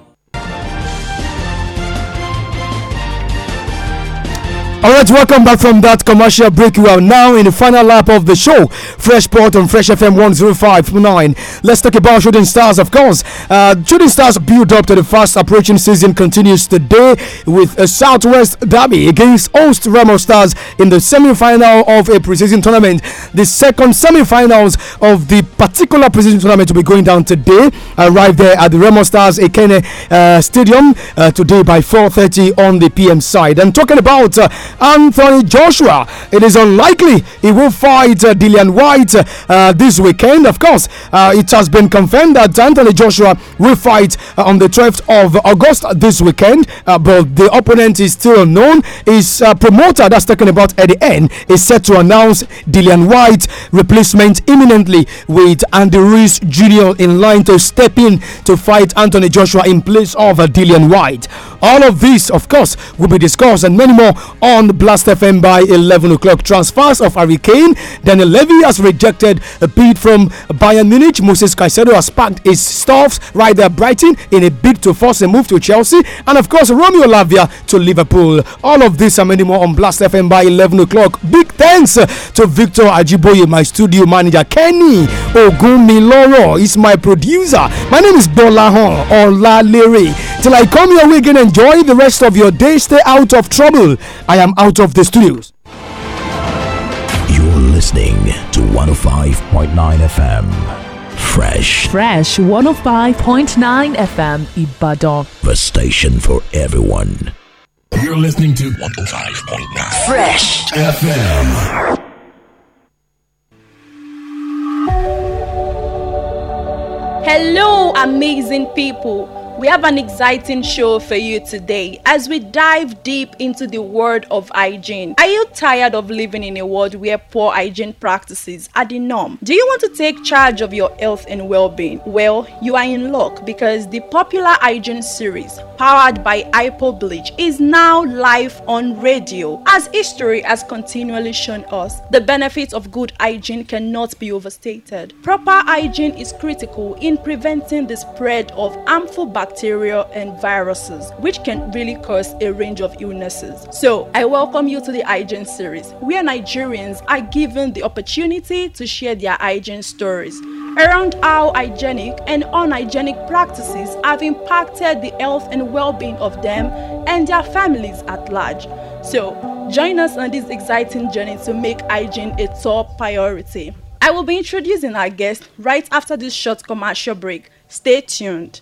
All right, welcome back from that commercial break. We are now in the final lap of the show. Fresh Port on Fresh FM 105.9. Let's talk about Shooting Stars, of course. Uh, shooting Stars build up to the fast approaching season continues today with a Southwest derby against host Remo Stars in the semi-final of a preseason tournament. The second semi-finals of the particular preseason tournament to be going down today. I there at the Remo Stars Ekene uh, Stadium uh, today by 4.30 on the PM side. I'm talking about... Uh, Anthony Joshua. It is unlikely he will fight uh, Dillian White uh, this weekend. Of course, uh, it has been confirmed that Anthony Joshua will fight uh, on the 12th of August this weekend, uh, but the opponent is still unknown. His uh, promoter, that's talking about at the end, is set to announce Dillian White replacement imminently with Andy Ruiz Jr. in line to step in to fight Anthony Joshua in place of Dillian White. All of this, of course, will be discussed and many more on on the Blast FM by 11 o'clock. Transfers of Harry Kane. Daniel Levy has rejected a bid from Bayern Munich. Moses Caicedo has packed his stuffs right there, Brighton, in a bid to force a move to Chelsea. And of course, Romeo Lavia to Liverpool. All of this and many more on Blast FM by 11 o'clock. Big thanks to Victor Ajiboye, my studio manager. Kenny Ogumiloro is my producer. My name is Bola Hon Olalere. Till I come your way again, enjoy the rest of your day. Stay out of trouble. I am out of the studios. You're listening to 105.9 FM. Fresh. Fresh 105.9 FM Ibadan. The station for everyone. You're listening to 105.9 Fresh FM. Hello, amazing people. We have an exciting show for you today as we dive deep into the world of hygiene. Are you tired of living in a world where poor hygiene practices are the norm? Do you want to take charge of your health and well being? Well, you are in luck because the popular hygiene series, powered by Bleach is now live on radio. As history has continually shown us, the benefits of good hygiene cannot be overstated. Proper hygiene is critical in preventing the spread of harmful bacteria bacteria, and viruses, which can really cause a range of illnesses. So, I welcome you to the Hygiene series, where Nigerians are given the opportunity to share their hygiene stories around how hygienic and unhygienic practices have impacted the health and well being of them and their families at large. So, join us on this exciting journey to make hygiene a top priority. I will be introducing our guest right after this short commercial break. Stay tuned.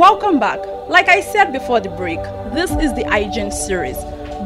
Welcome back. Like I said before the break, this is the hygiene series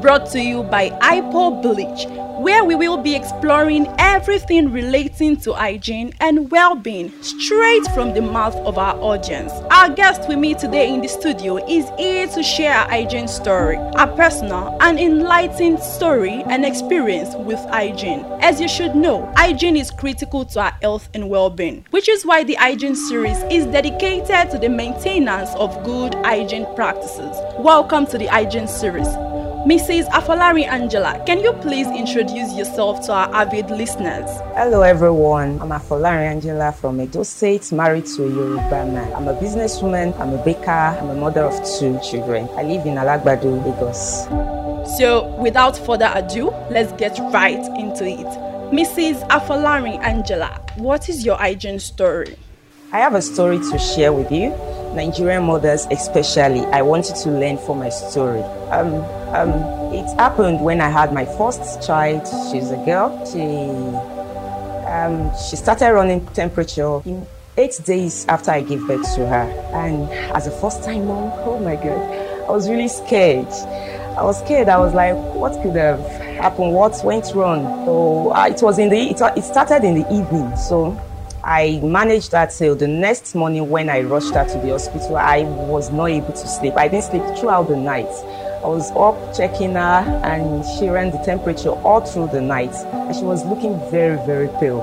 brought to you by IPO Bleach, where we will be exploring everything relating to hygiene and well being straight from the mouth of our audience. Our guest we meet today in the studio is here to share our hygiene story, a personal and enlightening story and experience with hygiene. As you should know, hygiene is critical to our health and well being, which is why the hygiene series is dedicated to the maintenance of good hygiene practices. Welcome to the hygiene series. Mrs. Afalari Angela, can you please introduce yourself to our avid listeners? Hello, everyone. I'm Afalari Angela from Edo State, married to a Yoruba man. I'm a businesswoman, I'm a baker, I'm a mother of two children. I live in Alagbadu, Lagos. So, without further ado, let's get right into it. Mrs. Afalari Angela, what is your hygiene story? I have a story to share with you. Nigerian mothers, especially, I wanted to learn from my story. Um, um, it happened when I had my first child. She's a girl. She um, she started running temperature in eight days after I gave birth to her. And as a first time mom, oh my God, I was really scared. I was scared. I was like, what could have happened? What went wrong? So uh, it was in the, it, it started in the evening. So I managed that till the next morning when I rushed her to the hospital. I was not able to sleep. I didn't sleep throughout the night. I was up checking her and she ran the temperature all through the night and she was looking very, very pale.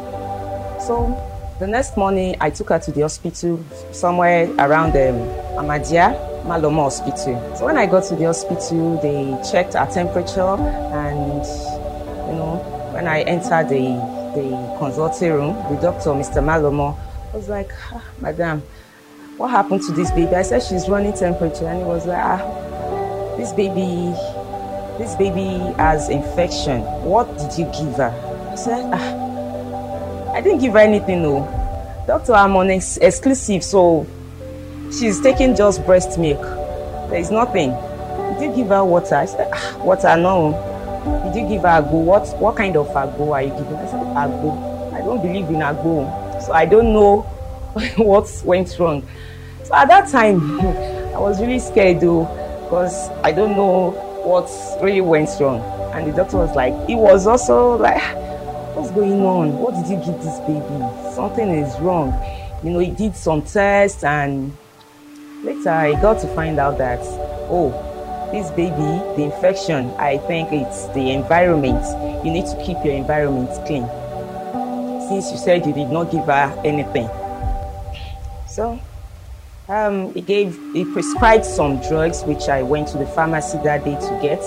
So the next morning I took her to the hospital somewhere around um, Amadia, Maloma Hospital. So when I got to the hospital, they checked her temperature and you know, when I entered the the consulting room, the doctor, Mr. Malomo, was like, ah, Madam, what happened to this baby? I said she's running temperature, and he was like, ah, this baby, this baby has infection. What did you give her? I said, ah, I didn't give her anything, no. Doctor, I'm on ex exclusive, so she's taking just breast milk. There is nothing. Did you give her water? I said, ah, water, no. Did you give her a go? What what kind of a go are you giving? I said, a go. I don't believe in a go. So I don't know what went wrong. So at that time, I was really scared though, because I don't know what really went wrong. And the doctor was like, he was also like, what's going on? What did you give this baby? Something is wrong. You know, he did some tests and later I got to find out that, oh, this baby the infection i think it's the environment you need to keep your environment clean since you said you did not give her anything so um, he gave he prescribed some drugs which i went to the pharmacy that day to get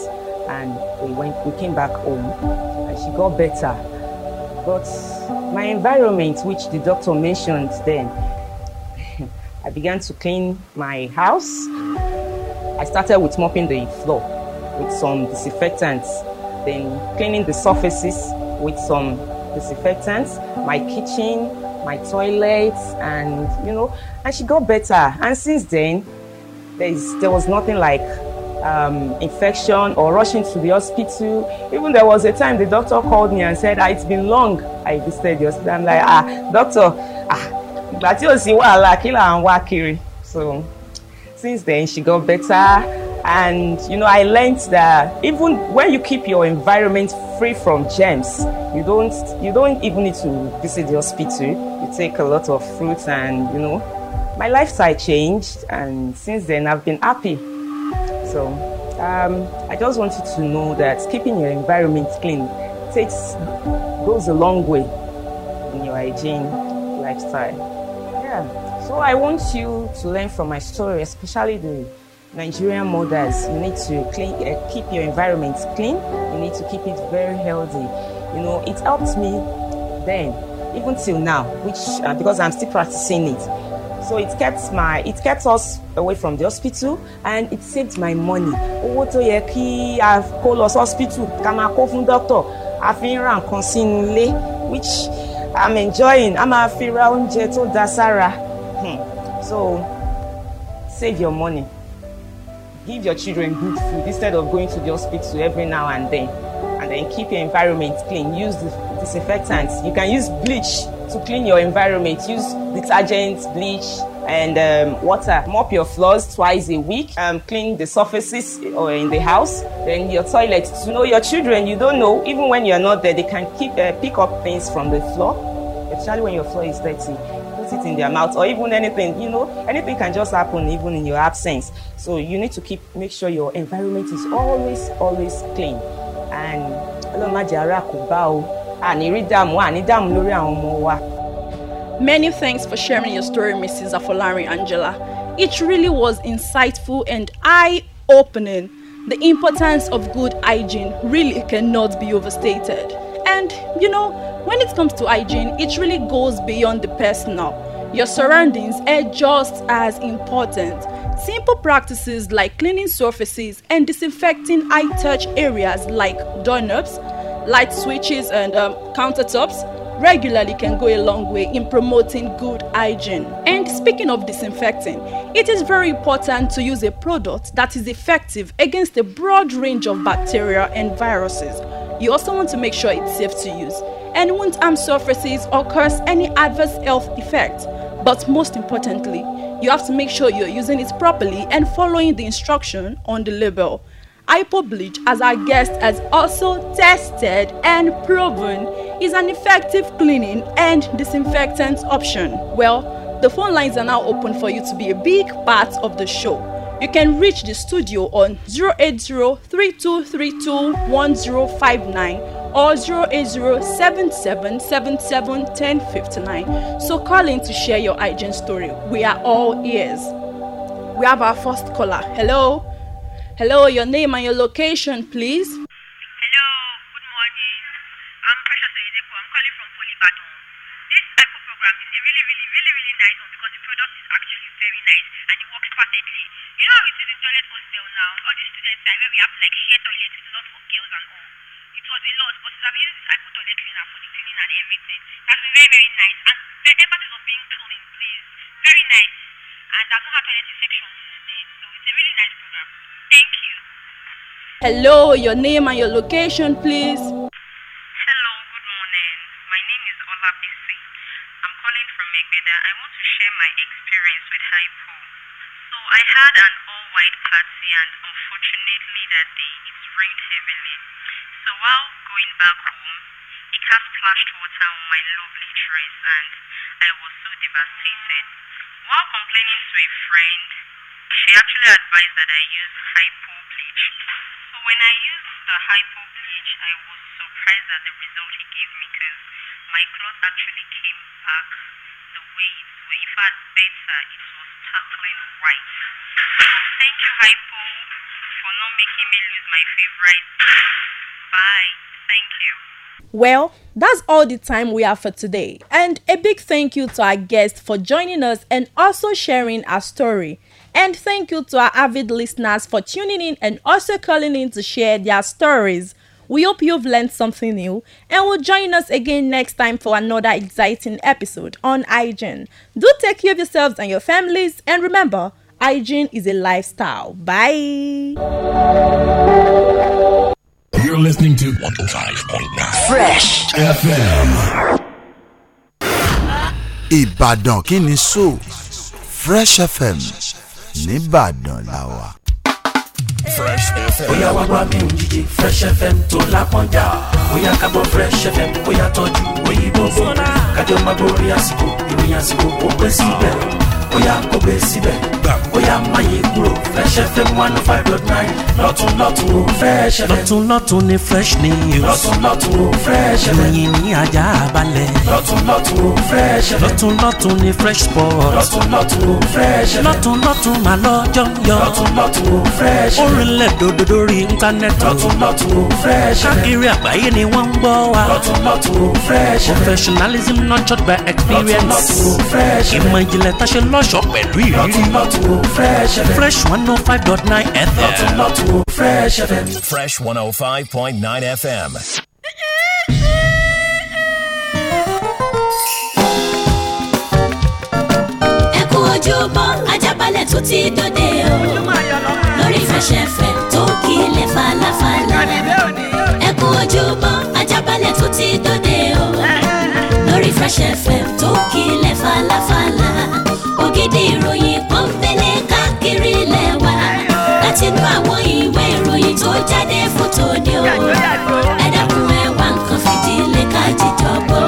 and we went we came back home and she got better but my environment which the doctor mentioned then i began to clean my house I started with mopping the floor with some disinfectants, then cleaning the surfaces with some disinfectants, my kitchen, my toilets, and you know, and she got better. And since then, there, is, there was nothing like um, infection or rushing to the hospital. Even there was a time the doctor called me and said, ah, It's been long I visited the hospital. I'm like, Ah, doctor, ah, but you see, what I like, and what So, since then, she got better. And you know, I learned that even when you keep your environment free from germs, you don't you don't even need to visit the hospital. You take a lot of fruits, and you know, my lifestyle changed, and since then I've been happy. So um, I just wanted to know that keeping your environment clean takes goes a long way in your hygiene lifestyle. Yeah. So I want you to learn from my story, especially the Nigerian mothers. You need to clean, uh, keep your environment clean. You need to keep it very healthy. You know, it helped me then, even till now, which uh, because I'm still practicing it. So it kept my, it kept us away from the hospital and it saved my money. Owó tó yẹ kí a hospital kama kofun doctor, a fi ń which I'm enjoying. i am fi ra tó da so save your money. Give your children good food instead of going to the hospital every now and then. And then keep your environment clean. Use disinfectants. You can use bleach to clean your environment. Use detergent, bleach, and um, water. Mop your floors twice a week. Um, clean the surfaces or in the house. Then your toilet. To know your children, you don't know. Even when you're not there, they can keep uh, pick up things from the floor, especially when your floor is dirty. it in their mouth or even anything. You know, anything can just happen even in your absence. So you need to keep make sure your environment is always always clean. And Ọlọ́run ara kò bá o. Àní rí dààmú, àní dààmú lórí àwọn ọmọ wa. Many thanks for sharing your story, Mrs. Afolari Angela. It really was insightful and eye-opening. The importance of good hygiene really cannot be overstated. And you know, When it comes to hygiene, it really goes beyond the personal. Your surroundings are just as important. Simple practices like cleaning surfaces and disinfecting high touch areas like doorknobs, light switches, and um, countertops regularly can go a long way in promoting good hygiene. And speaking of disinfecting, it is very important to use a product that is effective against a broad range of bacteria and viruses. You also want to make sure it's safe to use and won't harm surfaces or cause any adverse health effect. But most importantly, you have to make sure you're using it properly and following the instruction on the label. Hypobleach, as our guest has also tested and proven, is an effective cleaning and disinfectant option. Well, the phone lines are now open for you to be a big part of the show. You can reach the studio on 080 or 080 So call in to share your hygiene story. We are all ears. We have our first caller. Hello. Hello, your name and your location, please. Hello, good morning. I'm Precious Oyedepo. I'm calling from Polybadon. This ECHO program is a really, really, really, really nice one because the product is actually very nice and it works perfectly. You know, it is in toilet hostel now. All the students are where we have like shared toilets with lots lot of girls and all. It was a lot, but I've used this ECHO toilet cleaner for the cleaning and everything. That's been very, very nice. And the emphasis of being clean, please. Very nice. And I've not had toilet infection since then. So it's a really nice program. Thank you. Hello, your name and your location, please. Hello, good morning. My name is Ola Bisi. I'm calling from Megbeda. I want to share my experience with hypo. So I had an all-white party and unfortunately that day it rained heavily. So while going back home, it has splashed water on my lovely dress and I was so devastated. While complaining to a friend, she actually advised that I use hypo bleach. So when I used the hypo bleach, I was surprised at the result it gave me because my clothes actually came back the way it was. In fact, better, it was tackling white. So thank you, hypo, for not making me lose my favorite. Bye. Thank you. Well, that's all the time we have for today. And a big thank you to our guest for joining us and also sharing our story. And thank you to our avid listeners for tuning in and also calling in to share their stories. We hope you've learned something new and will join us again next time for another exciting episode on hygiene. Do take care of yourselves and your families, and remember, hygiene is a lifestyle. Bye. You're listening to 105.9 Fresh FM. Ibadan Kini Fresh FM. nìbàdàn là wà. fresh fm bóyá wá wá mi ò jíjẹ fresh fm tó lápọ́njà bóyá kábọ̀ fresh fm bóyá tọ́jú òyìnbó bò máa borí àsìkò ìròyìn àsìkò ó pẹ́ síbẹ̀ bóyá kò pẹ́ síbẹ̀ program. bóyá mayi kúrò Fresh FM one oh five dot nine lọ́tún lọ́tún Fresh FM. lọ́tún lọ́tún ni fresh news. lọ́tún lọ́tún Fresh FM. ròyìn ní ajá balẹ̀. lọ́tún lọ́tún Fresh FM. lọ́tún lọ́tún ni fresh sport. lọ́tún lọ́tún Fresh FM. lọ́tún lọ́tún mà lọ́jọ́ yọ. lọ́tún lọ́tún Fresh FM. orinlẹ̀ dòdò lórí íńtánẹ́ẹ̀tì. lọ́tún lọ́tún Fresh FM. káàkiri àgbáyé ni wọ́n ń gbọ́ wa. lọ́tún lọ́tún Fresh FM. professionalism nurtured by experience. lọ́tún lọ́tún Fresh FM. ìmọ̀ ìjìnlẹ̀ tá a ṣe lọ́ṣọ̀ọ́ pẹ̀lú ìrírí. lọ́tún lọ́tún lọ́tún fresh fm. fresh one oh five dot nine fm. lọ́tún lọ́tún fresh fm. fresh one oh five point nine fm. Oh ẹ kú ojúbọ ajábalẹ̀ tó ti dòde o lórí fresh fm tó kílẹ̀ falafala ẹ kú ojúbọ ajábalẹ̀ tó ti dòde o lórí fresh fm tó kílẹ̀ falafala ògidì ìròyìn látinú àwọn ìwé ìròyìn tó jáde fún tòní o ẹ dákun ẹ wá nǹkan fìdílé ká jíjọ gbọ́.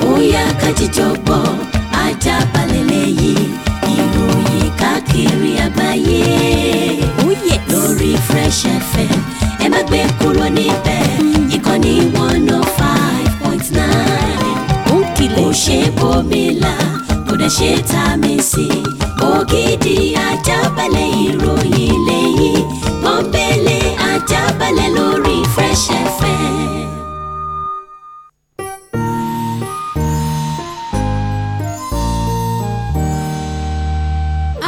bóyá ká jíjọ gbọ́ ajá balẹ̀ lẹ́yìn ìròyìn káàkiri àgbáyé oh, lórí Fresh FM ẹ má gbé kúrò níbẹ̀ ìkànnì wọn. ṣe bòmílà kò dẹ̀ ṣe ta mi sí i ògidì ajábalẹ̀ ìròyìn lẹ́yìn pọ́npẹ́lẹ́ ajábalẹ̀ lórí Fresh FM.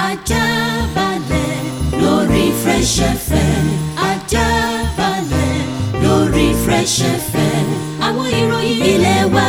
Ajábalẹ̀ lórí Fresh FM Ajábalẹ̀ lórí Fresh FM àwọn ìròyìn ilé wa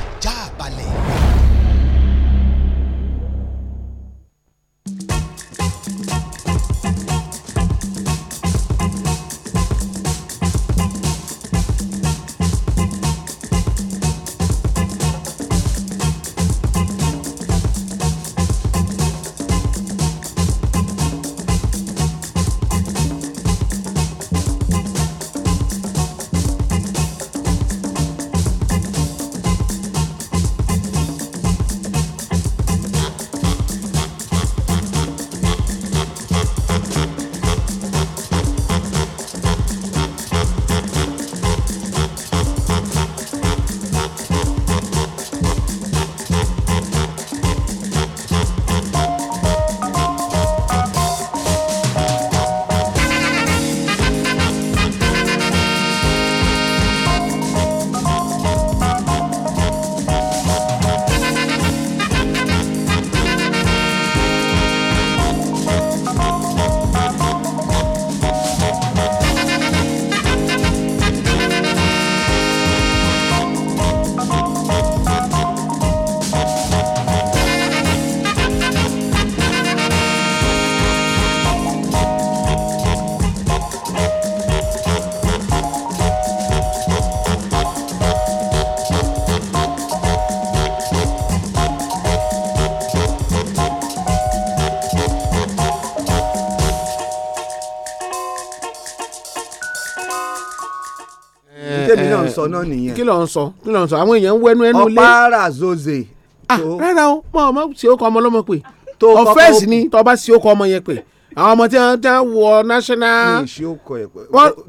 sọ náà nìyẹn. kí ló ń sọ kí ló ń sọ àwọn èèyàn ń wẹnu ẹnu lé. ọ̀pára zoze. Ah, rárá o mọ ọmọ sí ọkọ ọmọ ọlọmọ pé ọfẹsì ni tọba sí ọkọ ọmọ yẹn pé àwọn ọmọ tí wọn tẹ wọ national.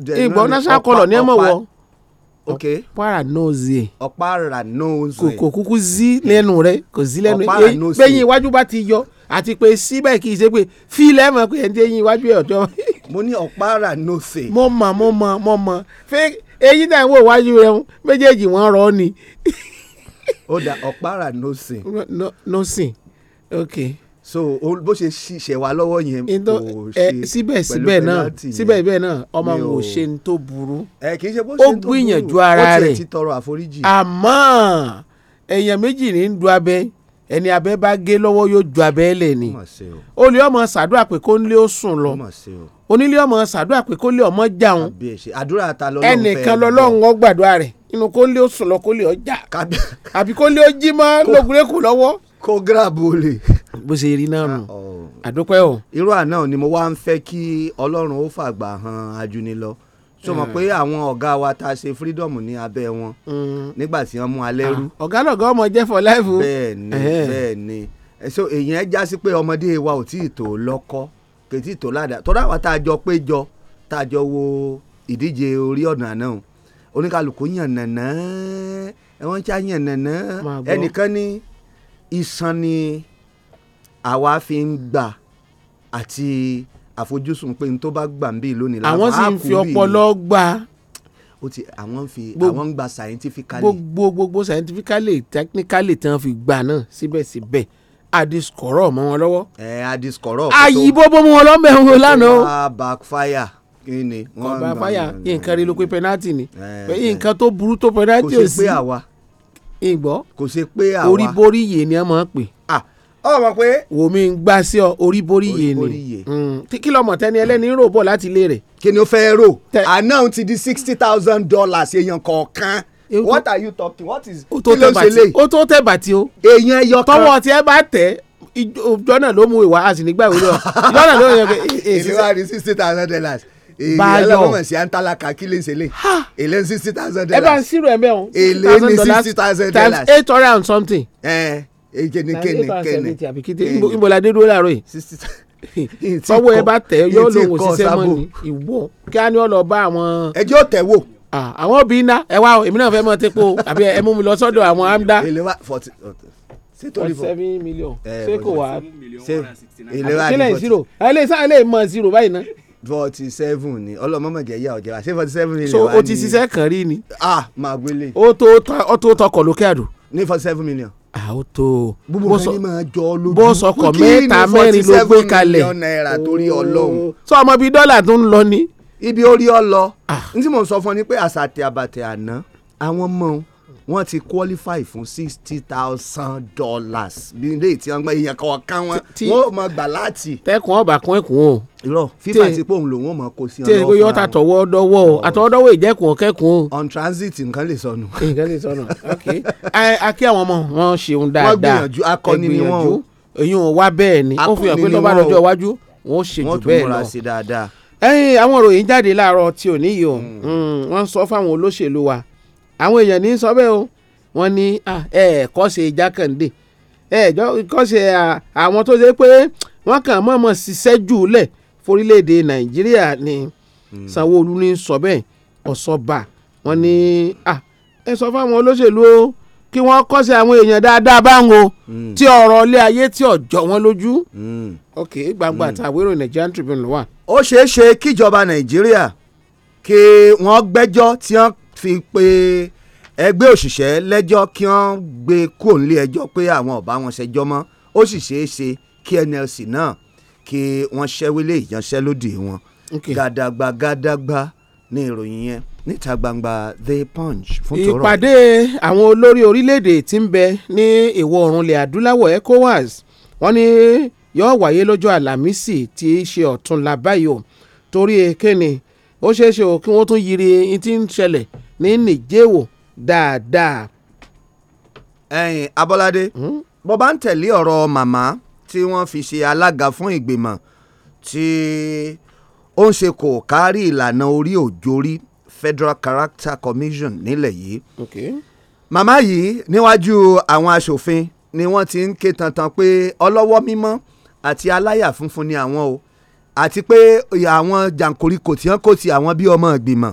ìbọn national colour ni ẹ mọ̀ wọ. ọ̀pára nose. ọ̀pára nose. kò kúkú zí lẹ́nu rẹ kò zí lẹ́nu rẹ gbẹ̀yìn iwájú bá ti yọ àti pé síbẹ̀ kì í ṣe pé fílẹ̀ mọ̀ pé ẹ̀ ń dé yín iwájú ẹ̀ ọ̀dọ́. mo ní ọ̀pára nose. mo mọ̀ mo mọ̀ mo mọ̀ fẹ́ẹ́ eyín náà wò wájú rẹ̀ méjèèjì wọ́n rọ́ ni. ó dà ọ̀pára nosin. nosin ok. so bó ṣe ṣiṣẹ́ wa lọ́wọ́ yẹn kò ṣe síbẹ̀síbẹ̀ náà síbẹ̀síbẹ̀ náà ọmọ wò ṣe ń tó burú. ẹ kì í ṣe bó ṣe ń tó burú ó gbìyànjú ara rẹ̀ àmọ́ èèyàn méjì ní í du abẹ́ ẹni abẹ́ bá gé lọ́wọ́ yóò ju abẹ́ lẹ̀ ni olè ọmọ ṣàdúrà pé kó ń lé ó sùn lọ onílé ọmọ ṣàdúrà pé kó lé ọmọ jàun ẹnìkan lọ́lọ́run ó gbàdúrà rẹ̀ inú kó lé ó sùn lọ kó lé ó jà àbí kó lé ó jí mọ́ lógúnlẹ́kùn lọ́wọ́. kó gíràbù olè. bó ṣe rí náà nù ah, oh. àdúpẹ́ o. irú àná ni mo wá ń fẹ́ kí ọlọ́run ó fàgbà han ajuni lọ so mọ̀ mm. pé àwọn ọ̀gá wa ta ṣe freedom ní abẹ́ wọn mm. nígbà tí wọ́n mú alẹ́ ah, rú. ọ̀gá náà gan ọmọ jẹ́ for life. bẹ́ẹ̀ni bẹ́ẹ̀ni eh, so èyàn já sí pé ọmọdé wa ò tí ì tó lọ́kọ́ kò tí ì tó ládàá tọ́lá wa tá a jọ pé jọ tá a jọ wo ìdíje orí ọ̀nà náà oníkàlùkù yàn nànà ẹ̀wọ̀n ń ṣá yàn nànà ẹnìkan ní iṣan ni àwa fi ń gbà àti àfojúsùn pé n tó bá gbà ń bí lónìí làwọn àwọn sì ń fi ọpọlọ gbà ó ti àwọn ń fi àwọn ń gba scientifically. gbogbo gbogbo scientifically technically tí wọ́n fi gbà náà síbẹ̀síbẹ̀ àdìsíkọ̀rọ̀ mọ́ wọn lọ́wọ́. ẹ àdìsíkọ̀rọ̀. àyíbó bó mú wọn lọ́mọ ẹ̀hún lánàá. ó bá backfire kí ni. wọ́n bá fire nǹkan rí ló pé penalty ni nǹkan tó burú tó penalty ò sí. kò ṣe pé àwa. ìgbọ́ kò ṣe pé àwa. orí borí yìí ni wọ́n máa pè. ah ọ pé. wò mí ń gbá sí ọ orí borí ni mm. kí lọmọ tẹni ẹlẹ́ni rò bọ̀ láti ilé rẹ̀. kí ni ó fẹ́ rò àná ti di sixty thousand dollars èèyàn kọ̀ọ̀kan what are you talking what is kí ló ń ṣe lè. tó tẹ̀ bàtí o. èèyàn ẹyọ kan tọwọ́ tí ẹ bá tẹ̀ ìjọ náà ló mú ìwà a sì nígbà ìwúlò ìjọ náà ló yẹ kó. ìlúwa ni sixty thousand dollars èyí ẹlẹ́wọ̀n sí antalaka kí lè ṣe lè èlé ní sixty thousand dollars. èlé ní sixty thousand dollars times eight hundred and something. Eh kẹ́ni kẹ́ni kẹ́ni dúró láàárọ̀ yìí tọwọ́ ẹ bá tẹ̀ yọ lòun òṣìṣẹ́ mọ́ ni ìwọ kí á ní ọ̀nà ọba àwọn. ẹjọ́ tẹ̀ wò. àwọn òbí ńlá ẹ wá èmi náà fẹ́ mọ tepo àbí ẹ mú mi lọ sọ́dọ̀ àwọn amda. ìlera forty forty seven million eh, ṣé kò wá ìlera ní forty. ẹ lè sá ẹ zero báyìí náà forty seven ni ọlọmọmọjẹ yà ọjẹ wa forty seven million wa ni. so o ti ṣiṣẹ́ kan rí ni. ah màá gbélé. o tó tọkọ̀ lókè àdó. ní forty seven million àwọn tó bó sọkọ mẹ́ta mẹ́rin ló gbé kalẹ̀ sọ ọmọ bíi dọ́là tó ń lọ ni. ibi orí ọ lọ ah. n tí mò ń sọ fún ọ ni pé àṣà àti àbàtì àná àwọn mọ̀ ọ́n wọ́n ti qualify fún sixty thousand dollars ní ilé ìtì ọgbọ́n èèyàn kọ̀ọ̀kan wọn wọ́n mọ̀ gbà láti. tẹkùn ọba kún ẹkùn o. irọ́ fífa ti pòun lòun ò mọ̀ kó sí ọlọ́ọ̀fà. tẹ ìgbéyàwó ta tọwọ́ dọ́wọ́ o àtọwọ́dọ́wọ́ ìjẹ́kùn ọ̀kẹ́kùn. on transit nǹkan lè sọnù. nǹkan lè sọnù ok akí àwọn ọmọ wọn ṣeun dáadáa. wọ́n gbìyànjú akọni ni wọ́n o. èyí ò wá bẹ́ẹ̀ ni ó fi hàn pé tó bá lọ́jọ́ iwájú wọn ó ṣèjú bẹ́ẹ̀ àwọn èèyàn ní sọ bẹ́ẹ̀ o wọ́n ní ẹ kọ́sẹ̀ jákàndé ẹ kọ́sẹ̀ àwọn tó ṣe pé wọ́n kàn mọ̀ọ́mọ̀ ṣiṣẹ́ jù lẹ̀ forílẹ̀-èdè nàìjíríà ni hmm. sanwó-olu ní sọ bẹ́ẹ̀ ọ̀sọ́ba wọ́n ní ẹ sọ fáwọn olóṣèlú o kí wọ́n kọ́sẹ̀ àwọn èèyàn dáadáa báwọn o hmm. tí ọ̀rọ̀ ilé ayé tí ọ̀jọ̀ wọn lójú. Hmm. ok gbangba àtàwérò Nigerian Tribune ló wà. ó ṣeé ṣe kíjọba nàìjíríà kí wọ́n gbẹ́jọ́ tí wọ́n fi pé ẹgbẹ́ òṣìṣẹ́ lẹ́jọ́ kí wọ́n gbé kúrò nílé ẹjọ́ pé àwọn ọ̀bá wọn ṣẹjọ́ mọ́ ó sì ṣeé ṣe kí NLC náà kí wọ́n ṣẹ́wélé ìyanṣẹ́lódì wọn gàdàgbà gàdàgbà ní ìròyìn yẹn níta gbangba the punch fún tòrọ. ìpàdé àwọn olórí orílẹ̀-èdè tí ń bẹ ní ìwọ̀ oòrùn ilẹ̀ adúláwọ̀ ECOWAS wọ́n ní yóò wáyé lọ́jọ́ àlàmísì tí í ṣe ọ̀túnla báyìí torí èké ó ṣeé ṣe o kí wọ́n tún yiri tí ń ṣẹlẹ̀ ní nìjẹ́wò dáadáa. ẹ̀yin abọ́ládé hmm? bó bá ń tẹ̀lé ọ̀rọ̀ màmá tí wọ́n fi ṣe alága fún ìgbìmọ̀ tí ó ń ṣe kò kárí ìlànà orí òjòrí Federal Character Commission nílẹ̀ yìí. Okay. màmá yìí níwájú àwọn aṣòfin ni wọ́n ti ń ké tantan pé ọlọ́wọ́ mímọ́ àti aláyà funfun ni àwọn o àti pé àwọn jàǹkóríkò tí wọ́n kò ti àwọn bí ọmọ ìgbìmọ̀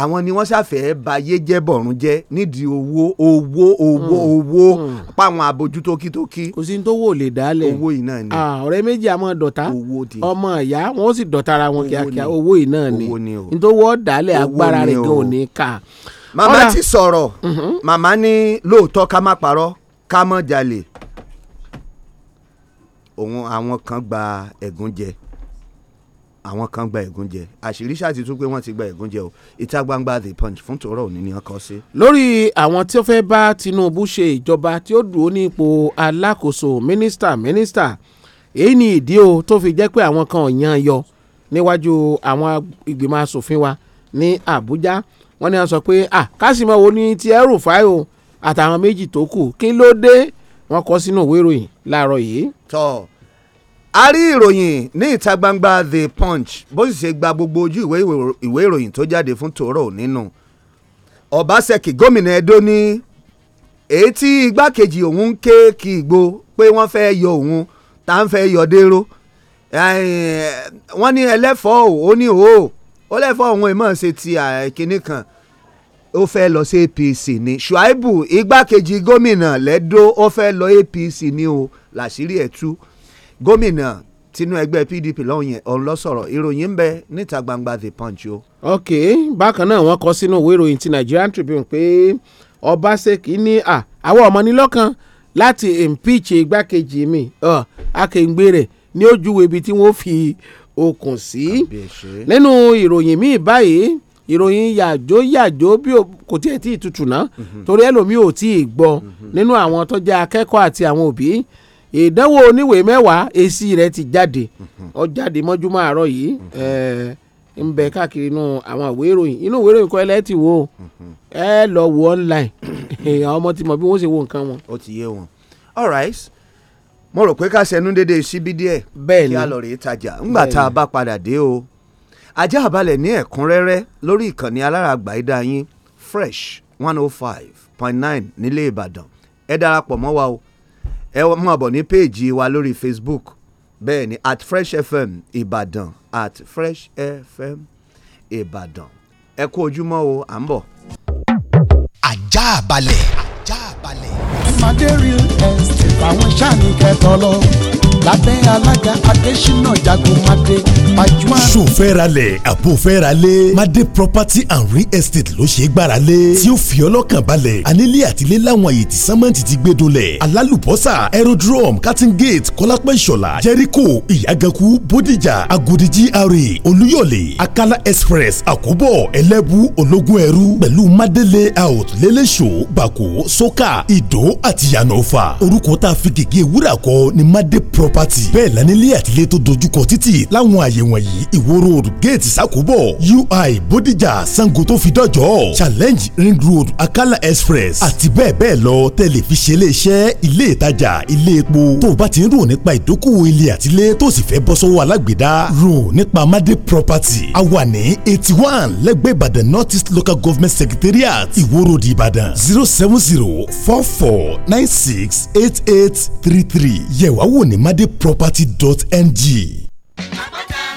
àwọn ni wọ́n ṣàfẹ́ bayé jẹ́ bọ̀rún jẹ́ nídìí owó owó owó hmm. owó hmm. páwọn abojú tókítókí. kò sí ní tó wò lè dálẹ̀ owó yìí náà ni. ọ̀rẹ́ méjì àmọ́ dọ̀tá ọmọ ìyá wọn ó sì dọ̀tá ara wọn kíákíá owó yìí náà ni nítòwó dálẹ̀ agbára rẹ̀ gan ní ká. màmá ti sọ̀rọ̀ mm-hmm. màmá ní lóòótọ́ ká má parọ́ ká mọ̀ jalè òun àwọn kan gba ẹ̀gún jẹ àwọn kan gba ẹ̀gúnjẹ àṣírí ṣáàtì tún pé wọ́n ti gba ẹ̀gúnjẹ o ìta gbangba the punch fún tòró òní ni wọ́n kọ sí. lórí àwọn tí ó fẹ́ bá Tinubu ṣe ìjọba tí ó dúró ní ipò alákòóso mínísítà mínísítà èyí ni ìdí o tó fi jẹ́ pé àwọn kan yàn yọ níwájú àwọn ìgbìmọ̀ asòfin wa ní Àbújá wọ́n ní wọ́n sọ pé à kásìmọ̀ wo ni ti ẹrù fáì o àtàwọn méjì tó kù kí ló dé wọ́n kọ sínú ìwé ìròyìn láàárọ̀ yìí. tọ́ọ̀ a rí ìròyìn ní ìta gbangba the punch bó sì ṣe gba gbogbo ojú ìwé ìròyìn tó jáde fún tòró nínú ọbaṣẹ́kì gómìnà edo ní èyí tí igbákejì òun ń ké kí igbó pé wọ́n fẹ́ yọ òun tá à ń fẹ́ yọ dérò wọ́n ní ẹlẹ́fọ̀ọ́ ò ní o ó lẹ́fọ̀ọ́ òun ìmọ̀ ṣe ti kínní kan ó fẹ́ lọ sí APC ni Shuaibu igbákejì gómìnà lẹ́dọ́ ó fẹ́ lọ APC ni o làṣírí ẹ̀ tú gómìnà tinú ẹgbẹ́ PDP lọ́hùn yẹn òun lọ sọ̀rọ̀ ìròyìn ń bẹ níta gbangba the punch o. ok bákan náà wọ́n kọ sínú ìwé ìròyìn ti Nigerian Tribune pé Obaseki ní àwọn ọmọnilọ́kan láti impeach igbákejì mi akèǹgbè rẹ̀ ní ojúwe ibi tí wọ́n fi okùn sí. nínú ìròyìn míì báyìí ìròyìn yàjó yàjó bí kò tiẹ̀ tí ì tutù ná mhm. torí ẹlòmíì ò tí ì gbọ́ mhm. nínú àwọn tó jẹ́ àti àwọn òbí ìdánwò oníwèé mẹ́wàá èsì rẹ̀ ti jáde mhm. ó jáde mọ́júmọ́ àárọ̀ yìí mhm. ń bẹ káàkiri inú àwọn ìwé ìròyìn inú ìwé ìròyìn kọ́ ẹ lẹ́ẹ̀ ti wo mhm. ẹ lọ wo online àwọn ọmọ ti mọ̀ bí wọ́n ṣe wo nǹkan wọn. ó ti yé wọn all right mo rò pé ká ṣẹnu dédé síbí díẹ̀ kí a lọ rèé tajà ńgbà tá a bá padà dé o ajá àbálẹ̀ ní ẹ̀kúnrẹ́rẹ́ lórí ìkànnì alárààgbà ẹ̀dá yín fresh one oh five point nine nílé Ìbàdàn ẹ darapọ̀ mọ́ wa o ẹ mọ̀ bọ̀ ní péèjì wa lórí Facebook bẹ́ẹ̀ ni at Fresh FM Ìbàdàn at Fresh FM Ìbàdàn ẹ kú ojúmọ́ o à ń bọ̀. ajá balẹ̀. ajá balẹ̀. Àmàdé real estate àwọn sani kẹtọ lọ lábẹ́ alága adésínà jagun máde pajúmọ́. sòfẹ́ralẹ̀ àbòfẹ́ralẹ̀ máde property and real estate ló ṣe é gbáralẹ̀ tí ó fi ọlọ́kàn balẹ̀ anílé àtìlé láwọn àyè tí sámẹ́ǹtì ti gbé dolẹ̀ alálùbọ́sà aerodrome cutting gate kọ́lápẹ́ ìṣọ̀lá jẹ́ríkò ìyàgànkù bódìjà agodi gra olúyọ̀lé akala express àkóbọ̀ ẹlẹ́bù ológun ẹrú pẹ̀lú máde layout lẹ́lẹ́sọ̀ bàkó sọ́kà ìdó àti yànà ọ̀fà orúkọ tá a fi gègé wúrà kọ ni mádé property bẹ́ẹ̀ lánílé àtìlẹ́ tó dojúkọ títì láwọn àyè wọ̀nyí ìwó road gate sákòbọ̀ ui Bodija sango tó fi dọ́jọ́ challenge ring road akala express àti bẹ́ẹ̀ bẹ́ẹ̀ lọ tẹlifíṣẹ́ iléeṣẹ́ ilé ìtajà ilé epo tó o bá ti ń rò nípa ìdókòwò ilé àtìlẹ́ tó sì fẹ́ bọ́ sọ́wọ́ alágbèédá rò nípa mádé property a wà ní eighty one lẹ́gbẹ̀ẹ́ ìbàdàn north east local government secretariat ìwó road ìbàdàn zero seven zero four four nine six eight eight three three yẹ̀wá wò ní madeproperty dot ng. àpáta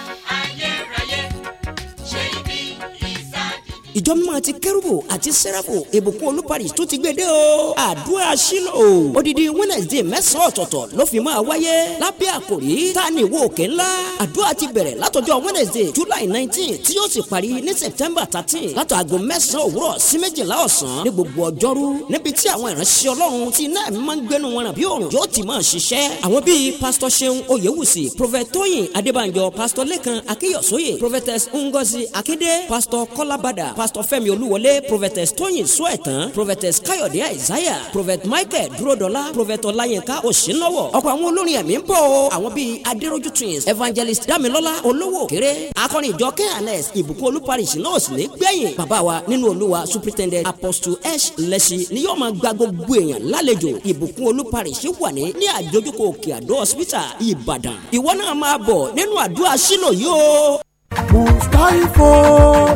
ìjọ mímọ́ ti kérúbù àti sẹ́ráfù ìbùkún olùparí tó ti gbé dé o àdúrà sílò odidi wednesday mẹ́sàn-án ọ̀tọ̀ọ̀tọ̀ ló fi máa wáyé lábẹ́ àkòrí ta ni ìwọ òkè ńlá àdúrà ti bẹ̀rẹ̀ látọjọ́ wednesday july nineteen tí yóò sì parí ní september thirteen látọ̀ aago mẹ́sàn-án òwúrọ̀ sí méjìlá ọ̀sán ní gbogbo ọjọ́rú níbi tí àwọn ìránṣẹ́ ọlọ́run ti náà máa ń gbẹnu wọn ràn bí òòrùn yóò ti máa ṣiṣẹ́ àwọn bíi pásítọ̀ ṣeun oyèwùsì prophet tóyìn adébánjọ pásítọ̀ lẹ́kan akíyọ̀sóyè prophetess ngozi akédé pásítọ̀ kọ́lábàdà pastor Femi olúwọlé prophetess tóyìn sóẹ̀tàn prophetess káyọ̀dé isaiah prophet michael dúródọ́lá prophet ọláyínká òsínlọ́wọ̀ ọ̀pọ̀ àwọn olórin ẹ̀mí ń bọ̀ o àwọn bíi adéròjú twins evangelist damilọ́lá olówó kéré akọrin ìjọ kns ìbùkún olúparíṣ náà sì ní gbẹ̀yìn bàbá wa nínú olúwa superintendent apostle h lẹ́sí ni yóò máa gba gbogbo èèyàn lálejò ìbùkún olúparíṣ wà ní ní àjọjúkọ̀ òkè àdó hospital ìbàdàn ìwọ náà máa bọ̀ nínú àdúrà sílò yìí o mustaifo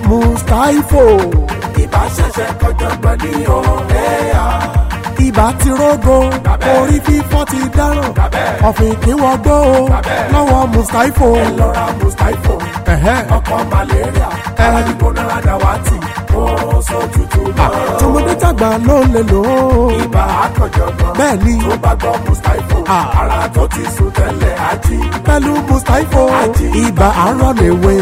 mustaifo. ibà ṣẹ̀ṣẹ̀ kọjọ́gbọ́n ní ọ̀rẹ́ à. ibà ti rógo orí fífọ́ ti dáràn ọ̀fìn kí wọ́n gbó o lọ́wọ́ mustaifo. ẹ lọ ra mustaifo ọkọ̀ malaria aládìgbò náírà dàwátì tọmọdé tàgbà ló lè lò ó. ibà àkànjọ̀gbọ́n bẹ́ẹ̀ ni tó bá gbọ́ mustapho ara tó ti sùn tẹ́lẹ̀ ají. pẹ̀lú mustapho ibà arọ lè wé.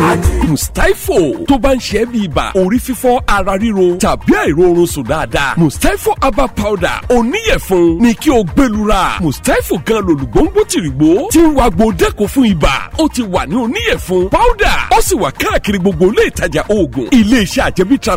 mustapho tó bá ń ṣe é bí ibà orí fífọ́ ara ríro tàbí àìróorun sùn dáadáa mustapho herbal powder oníyẹ̀fun ni kí o gbẹlura mustapho gan lòlùgbòǹgbò tìrìgbò ti ń wa gbo dẹ́kun fún ibà ó ti wà ní oníyẹ̀fun powder ó sì wà káàkiri gbogbo ilé ìtajà oògùn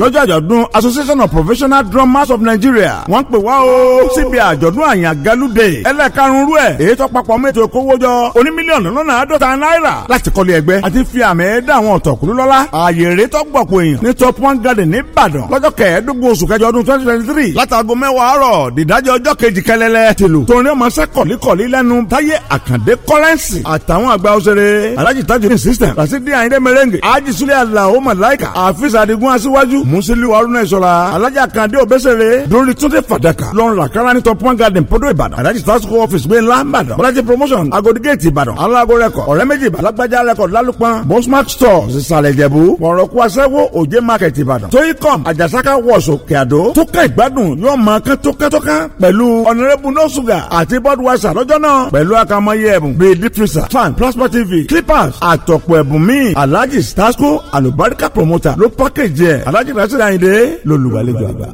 lọ́jọ́ àjọ̀dún association of professional drummers of nigeria wọ́n ń pè wá o síbi àjọ̀dún àyàngalúdè ẹlẹ́karùn-ún rú ẹ̀ èyí tó papọ̀ mẹ́tò kówójọ oní mílíọ̀nù lọ́nà àádọ́ta náírà láti kọ́lé ẹgbẹ́ àti fi àmì ẹ̀dá àwọn ọ̀tọ̀kùlú lọ́lá ààyè rẹ̀ tó gbọ̀pọ̀ èèyàn ní top one garden ní ìbàdàn lọ́jọ́ kẹẹ̀ẹ́dógún oṣù kẹjọ ọdún twenty twenty three látàgọ́ mẹ́wàá àárọ̀ dìdájọ́ ọjọ́ kejì kẹlẹ́lẹ́ tìlù torin ọmọ sẹ́kọ̀líkọ̀lí lẹ́nu táyé àkàndé kọ́rẹ́ǹsì àtàwọn àgbà òṣèré alájì tájú ní system rasidi ayinde merengue ajisule alao malaika àfíìsì adigun aṣíwájú musili haruna ìṣọ̀ra alájà kande obesere lórí túnde fàdákà lọ́nra karani top one garden podo ìbàdàn adájí sasco office gbé ńlá ìbàdàn bọ́lájí promotion agodi gate ìbàdàn alago record ọ̀rẹ́ méjì alágbájá record lálùpọ̀n bosmark store ìsàlẹ̀ ìjẹ̀bú mọ̀rọ̀kú aṣẹ́wó òjé market ìbàdàn tóyíkọ̀m àjàsáká wọ̀ṣọ̀ kíadó tókà ìgbádùn yóò máa kán tókàtókà pẹ̀lú ọ̀nẹ́rẹ́bù no sugar àti budweiser lọ́jọ́ náà pẹ̀lú akamọ́yé ẹ̀bùn bíi deep freezer fan plasma tv clippers àtọ̀pọ̀ ẹ̀bùn míì alájí sasco promoter ló pákéjì ẹ̀ Rashid Ayinde lolùgbàlejò àgbà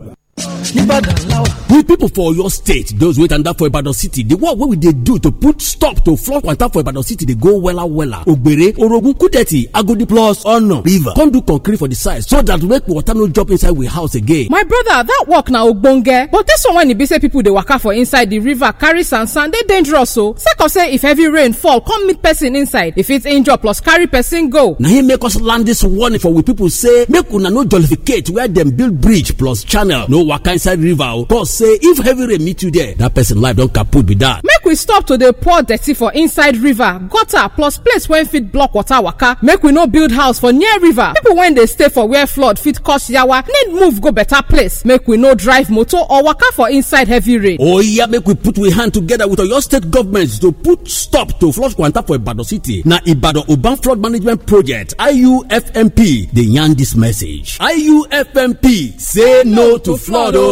we people for oyo state those wey tanda for ibadan city the work wey we dey do to put stop to flood water for ibadan city dey go wella wella ogbere orogun kudeti agodi plus ono river come do concrete for the side so that make water no drop inside we house again. my brother that work na ogbonge but this one wey e be say people dey waka for inside the river carry sand sand dey dangerous o oh. sake of say if heavy rain fall come meet person inside e fit injure plus carry person go. na him make us land this warning for we people say make una no jollificate where dem build bridge plus channel no waka inside river o cause say if heavy rain meet you there that person life don kaput be that. make we stop to dey pour dirty for inside river gutter plus place wey fit block water waka make we no build house for near river people wey dey stay for where flood fit cause yawa need move go better place make we no drive motor or waka for inside heavy rain. oya oh, yeah, make we put we hand together with oyo state government to put stop to flood kwanta for ibadan city na ibadan urban flood management project iufmp dey yarn dis message iufmp say no to flood o. Oh.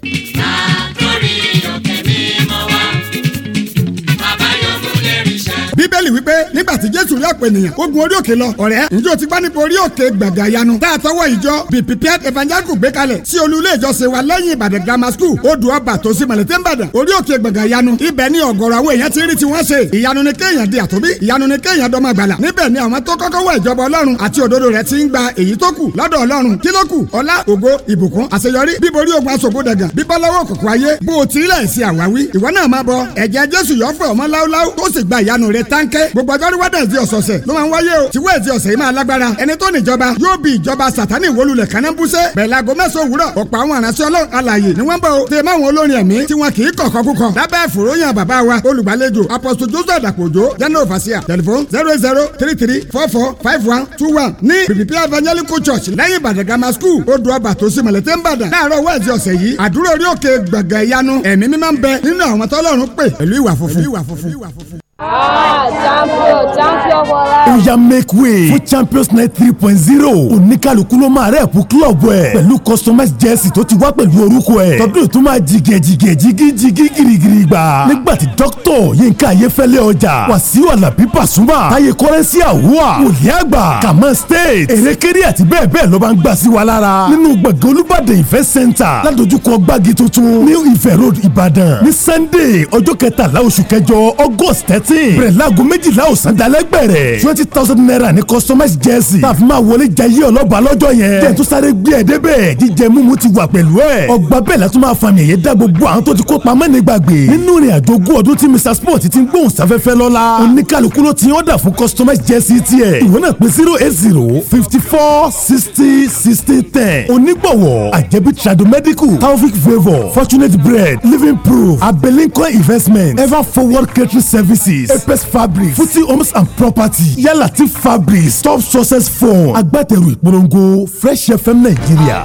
It's not bíbélì wípé nígbà tí jésù rí ọ̀pọ̀ ènìyàn ó gun orí òkè lọ ọ̀rẹ́ ǹjẹ́ o ti gbá nípa orí òkè gbàgbà yanu tá a tọwọ́ ìjọ be prepared evangelical gbé kalẹ̀ sí olúlé ìjọsìn wa lẹ́yìn ìbàdàn grammar school odò ọba tó sí mọ̀lẹ́tẹ́ ń bàdàn orí òkè gbàgbà yanu ibẹ̀ ni ọ̀gọ̀rọ̀ àwọn èèyàn ti rí tí wọ́n ṣe ìyanu ni kéèyàn di àtòbí ìyanu ni kéèyàn dọ́mọ gbàlà níbẹ̀ ni àwọn tó kọ́kọ́ wọ ìjọba ọlọ́run àti òdodo rẹ̀ ti ń gba èyí tó kù lọ́dọ̀ ọlọ́run kí ló kù ọlá ògo ìbùkún àṣeyọrí bíborí ogun aṣògo dàgàn bíbọ́láwọ́ kòkó ayé bó o ti rí àwáwí ìwọ náà má bọ ẹ̀jẹ̀ jésù yọ fún ọmọ láúláú tó sì gba ìyanu rẹ̀ táǹkà dákẹ́ gbogbo ọjọ́rú wẹ́dẹ̀sì ọ̀sọ̀ọ̀sẹ̀ ló máa ń wáyé o tí wẹ́ẹ̀sì ọ̀sẹ̀ yìí máa lágbára ẹni tó níjọba yóò bí ìjọba sàtánì wólulẹ̀ kánábùsẹ̀ bẹ̀rẹ̀ aago mẹ́sàn-án òwúrọ̀ ọ̀pọ̀ àwọn àránṣẹ́ ọlọ́run alààyè ni wọ́n bọ̀ o tẹ̀ máwọn olórin ẹ̀mí tí wọn kì í kọ̀kọ́ kúkọ lábẹ́ àfòróyìn bàbá wa olùgbàlejò zero zero three three four four five one two one Ah, champion, champion Bola. ó yá make way fún champions night three point zero oníkàlùkù ló máa rẹ́ẹ̀pù kílọ̀bù ẹ̀ pẹ̀lú customized jersey tó ti wá pẹ̀lú orúkọ ẹ̀ tọdún tó máa jìgẹ̀ jìgẹ̀ jìgí jìgí girigiri gbà nígbà tí dókítọ̀ yinka ayéfẹ́lẹ́ ọjà wàsíù alábí pàṣùmà táyé kọ́rẹ́nsì àwùwà wòlíì àgbà kàmá state èrèkéré àti bẹ́ẹ̀ bẹ́ẹ̀ ló máa ń gbà sí wa lára nínú gbọ̀ngàn olúbàdàn ìfẹ́ center ládojúkọ ife road ìbàdàn ní sunday ọjọ́ kẹtàlá oṣù kẹjọ august thirteen bẹ̀rẹ̀ láago méjìlá ọ̀sán dalẹ́ gbẹ̀rẹ̀ twenty thousand naira ní customized jersey tàbí máa wọlé jẹ yí ọlọ́ba lọ́jọ́ yẹn jẹ́ tó sáré gbé ẹ̀ débẹ̀ jíjẹ mímu ti wà pẹ̀lú ẹ̀ ọgbà bẹ́ẹ̀ látún máa fami ẹ̀yẹ dá gbogbo àwọn tó ti kó pamọ́ ní gbàgbé nínú ìrìn àjò ogún ọdún tí Mr Sport ti ń gbóhùn sáfẹ́fẹ́ lọ́la oníkàlùkù ló ti ń ọ̀dà fún customized jersey tiẹ̀ ìwọ náà pé zero eight zero fifty four sixty sixty ten onígbọ̀wọ̀ àjẹbí trado medical taofik favour fortunate bread living proof abelinko investment ever forward catering services fabrics apes fabrics Footy homes and property yálà ti fabrics top success fund agbátẹrù ìpolongo fresh fm nàìjíríà.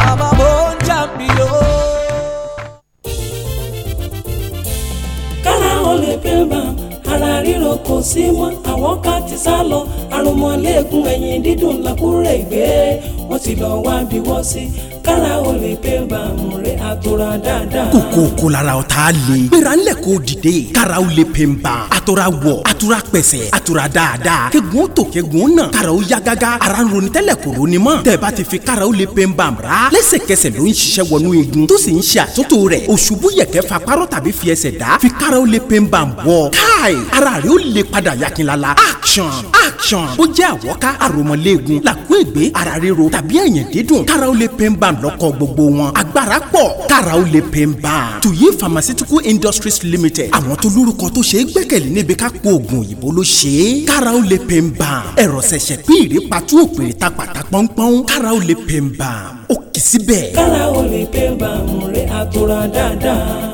ríro kò sí mọ́ àwọn ká ti sá lọ àròmọ́ ẹ̀yìn dídùn làkúrẹ́ ìgbé wọ́n ti lọ wá bí wọ́n sí kára o lè pé bàmù rẹ̀ àtòrà dáadáa. kòkó kò lára ọ̀tá le. gbéra ńlẹ̀ kò dìde. kára o lè pè ń ban. àtòrà wọ̀ àtòrà pẹ̀sẹ̀ àtòrà dáadáa. kegun tó kegun náà. kára o ya gágá. ara ń ronú tẹ́lẹ̀ kò ronú mọ́. tẹ̀bá ti fi kára o lè pè ń ban ra. lẹ́sẹ̀kẹsẹ̀ ló ń ṣiṣẹ́ wọnú igun. tó sì ń ṣe àtúntò rẹ̀. òṣùbù yẹ̀kẹ́ fa párọ̀ tàbí fi ẹsẹ̀ dá. fi kára o lè pè ń ban bọ̀. káì ara rẹ̀ ó lè padà yakinlala. action action. ó jẹ́ àwọ̀ká àròmọ̀lẹ́gun làkún ìgbé ara tàbí ẹ̀yìn dídùn karao le pain balm lọ́kọ̀ gbogbo wọn agbára pọ̀ karao le pain balm tuyi pharmaceutical industries limited àwọn tó lórúkọ tó ṣe é gbẹ́kẹ̀lé níbi ká po oògùn òyìnbó ló ṣe é karao le pain balm ẹ̀rọ ṣẹ̀ṣẹ̀ pín ìrèpàtú òpèrè ta pàtà pọ́npọ́n karao le pain balm ó kì í síbẹ̀. karao le pain balm rẹ̀ àtúrà dáadáa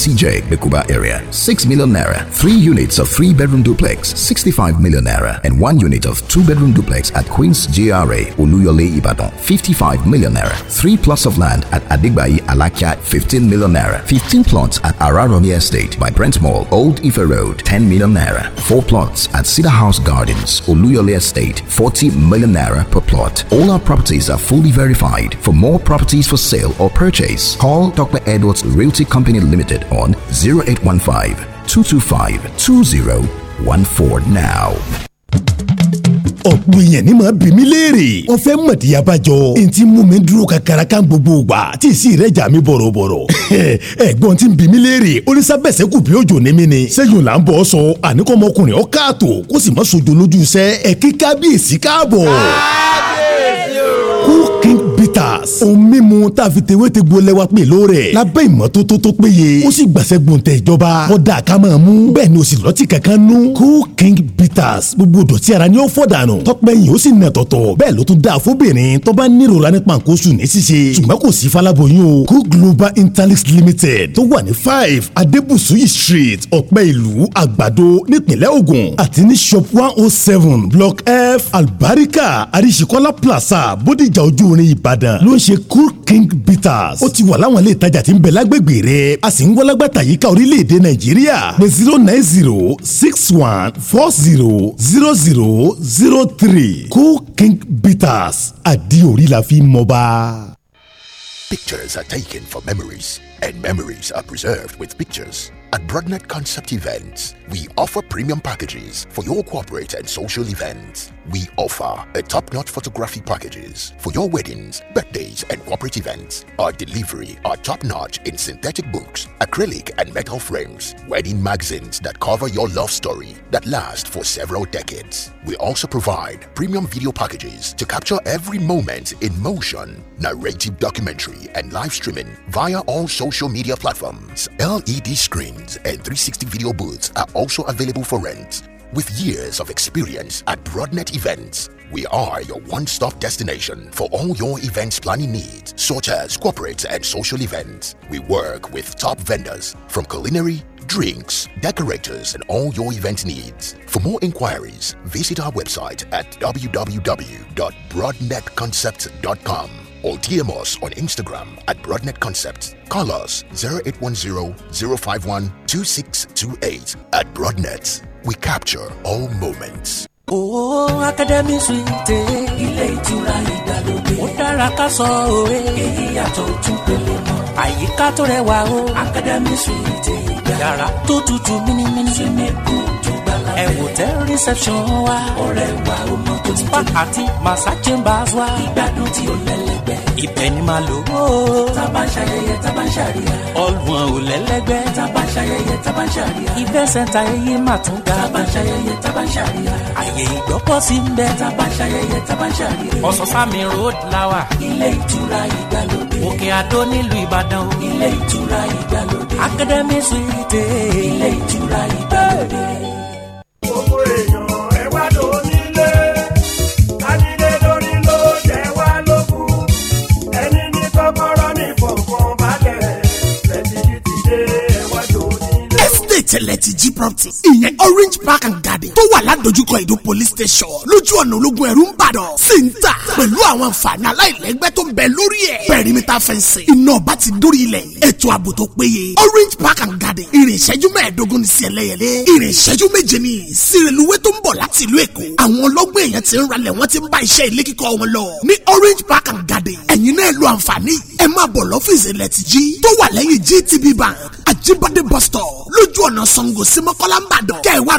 CJ, Bekuba area, 6 million naira. Three units of three bedroom duplex, 65 million naira. And one unit of two bedroom duplex at Queen's GRA, Oluyole, Ibadan, 55 million naira. Three plots of land at Adigbai, Alakia, 15 million naira. 15 plots at Araromi Estate by Brent Mall, Old Ife Road, 10 million naira. Four plots at Cedar House Gardens, Oluyole Estate, 40 million naira per plot. All our properties are fully verified. For more properties for sale or purchase, call Dr. Edwards Realty Company Limited on 0815 225 2014 now. ọ̀pọ̀ èèyàn ní máa bí mi léèrè. wọ́n fẹ́ mọ̀dí abájọ. n ti mú mi dúró ka karaka gbogbo gbà tí ì sí rẹ̀ jà bọ̀rọ̀bọ̀rọ̀. ẹ̀gbọ́n ti bí mi léèrè onísàbẹ̀sẹ̀ kù bí òjò ní mi ni. sẹ́yìn là ń bọ̀ sọ àníkọ́mọkùnrin ọ̀ káàtó kó sì má sojo lójú sẹ́ ẹ̀ kí kábíyèsí káàbọ̀. kábíyèsí o. kú kí n Plus. ohun mímu tá a fi tewé te gbo lẹ́wà pè lóore lábẹ́ ìmọ́tótó tó péye ó sì gbàṣẹ gbòǹtẹ̀ ìjọba kọ́dà ká máa mú bẹ́ẹ̀ ni o sì lọ́tì kankan nú. Cool King Bitters gbogbo dọ̀tí ara ni ó fọ̀ dànù tọpẹ́ yìí ó sì nà tọ̀tọ̀ bẹ́ẹ̀ ló tún dáa fóbìnrin tó bá nírora nípa nǹkan oṣù ní ṣíṣe ṣùgbọ́n kò sí falaboyún o Cool Global Interlix Limited tó wà ní five Adébùsúyì Street ọ̀pẹ́ ìlú àgbàdo nípìnlẹ̀ Ògùn àti ní shop one oh seven block F Albarika Arisikola Plaza Bódìjà ojú orin Ìbàdàn ló ń ṣe cool king bitters ó ti wà láwọn ilé ìtajà tí ń bẹ lágbègbè rẹ a sì ń wọ́lágbàtà yíká orílẹ̀-èdè nàìjíríà pé zero nine zero six one four zero zero zero zero three cool king bitters àdí la fi mọba. Pictures are taken for memories, and memories are preserved with pictures. At Broadnet Concept Events, we offer premium packages for your corporate and social events. we offer a top-notch photography packages for your weddings, birthdays, and corporate events. Our delivery are top-notch in synthetic books, acrylic and metal frames, wedding magazines that cover your love story that last for several decades. We also provide premium video packages to capture every moment in motion, narrative documentary, and live streaming via all social media platforms. LED screens and 360 video booths are also available for rent. With years of experience at Broadnet Events, we are your one stop destination for all your events planning needs, such as corporate and social events. We work with top vendors from culinary, drinks, decorators, and all your event needs. For more inquiries, visit our website at www.broadnetconcept.com or DM us on Instagram at Broadnet Concepts. Call us 0810 051 2628 at Broadnet. we capture all moments. Oh, Academy Suite. Ilé ìtura ìgbàlódé. Ó dára ká sọ òwe. Èyí yàtọ̀ ojú pele mọ́. Àyíká tó rẹwà o. Academy Suite. Yàrá tó tutù mímímí. Swimming pool tó ẹ̀wò tẹ́ reception wa. ọ̀rẹ́ wa ó mọ tó ti tó. spa àti massa chambers wa. ìgbádùn tí ó lẹ́lẹ́gbẹ́. ibẹ̀ ni màá lò ó. tábà ń ṣayẹyẹ tábà ń ṣàríyá. ọlùwọ̀n ò lẹ́lẹ́gbẹ́. tábà ń ṣayẹyẹ tábà ń ṣàríyá. ibẹ̀ sẹ́ńtà ẹyẹ mà tún ga. tábà ń ṣayẹyẹ tábà ń ṣàríyá. àyè ìgbọ́pọ̀ sí ń bẹ. tábà ń ṣayẹyẹ tábà ń ṣàríyá. ọ̀sánsámi road lawa. ilé ìtura ìgbàlódé. òkè àdó nílùú ìbàdàn. ilé ìtura ìgbàlódé. academy suite. ilé ìtura ìgbàlódé tẹ̀lẹ̀ ti jí orange park and garden tó wà ládojúkọ ìdó police station lójú ọ̀nà ológun ẹ̀rú ń bàdàn sí ń tà pẹ̀lú àwọn àǹfààní aláìlẹ́gbẹ́ tó ń bẹ lórí ẹ̀ pẹ̀rímítà fẹ́ǹsì iná ọba ti dórí ilẹ̀ ètò ààbò tó péye orange park and garden ìrìn ìṣẹ́jú mẹ́ẹ̀ẹ́dógún ní sí ẹlẹ́yẹlé ìrìn ìṣẹ́jú méje ní sírèlúwé tó ń bọ̀ láti ìlú èkó àwọn ọlọ́gbọ́n èèyàn ti ń orange park and garden ẹ̀yin náà lo àǹfààní ẹ máa bọ̀ lọ́fíìsì ilẹ̀ tìjí gtb bank àjíbádé bus stop lójú ọ̀nà sango sí mọ́kọ́lá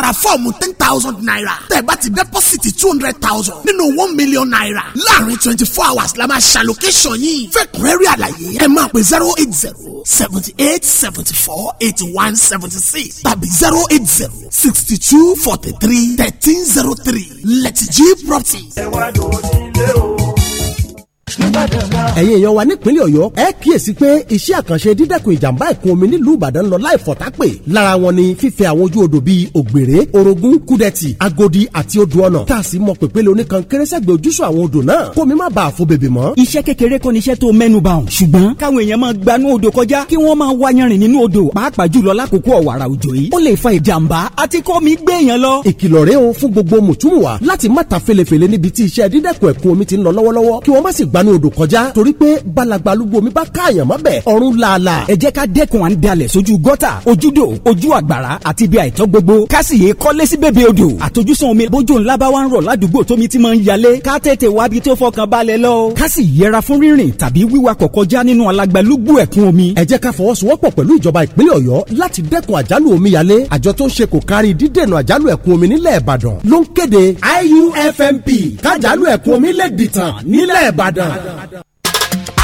ra fọ́ọ̀mù ten thousand naira tẹ̀ bá ti dẹ́pọ́sìtì two hundred thousand nínú one million naira láàrin twenty four hours la máa ṣàlókẹ́sọ̀n yìí fẹ́kùnrẹ́rì àlàyé ẹ máa pè zero eight zero seventy eight seventy four eighty one seventy six tàbí zero eight zero sixty two forty three thirteen zero three let's g property ẹ̀yin èèyàn wa nípínlẹ̀ ọ̀yọ́ ẹ kíyèsí pé iṣẹ́ àkànṣe dídẹ́kun ìjàmbá ìkún omi nílùú ìbàdàn lọ láì fọ̀tá pè lára wọn ni fífẹ́ àwọn ojú odò bíi ògbèrè orogún kúdẹ̀tì agodi àti odò ọ̀nà tá a sì mọ pèpele oníkan kérésẹ́gbẹ̀ ojúṣọ àwọn odò náà kó mi má bàa fo bèbè mọ́. iṣẹ́ kékeré kọ́ni iṣẹ́ tó mẹ́nu bà ọ́n ṣùgbọ́n káwọn èèyàn máa gbanú odò kọjá kí wọ́n máa wáyanrìn nínú odò pàápàá jùlọ o fún gbogbo mùtúmùwà láti má ta felefele níbi tí iṣẹ́ dídẹ́kun ẹ̀kún omi ti ń lọ lọ́wọ́lọ́wọ́ odò kọjá torí pé balagba lúgbó mi bá káàyàn mọ́ bẹ̀ ọ̀run làálàá. ẹ jẹ́ ká dẹ́kun à ń dalẹ̀ sójú gọ́tà ojúdò ojú àgbàrá àti ibi àìtọ́ gbogbo kásìyè kọ́lé sí bèbè odò àtojúsùn omi bójú ńlá bá wà ń rọ̀ ládùúgbò tómi ti máa ń yalé ká tètè bi tó fọkàn balẹ̀ lọ. kásì yẹra fún rírìn tàbí wíwakọ̀ kọjá nínú alagbalúgbú ẹ̀kún omi. ẹ jẹ́ ká fọwọ́sowọ́pọ̀ pẹ̀lú ìjọba ìpínlẹ̀ ọ̀yọ́ láti dẹ́kun àjálù omíyalé àjọ tó ń ṣe kò kárí dídènà àjálù IUFMP kájálù ẹ̀kún omi lè dìtàn nílẹ̀ ìbàdàn. Adam.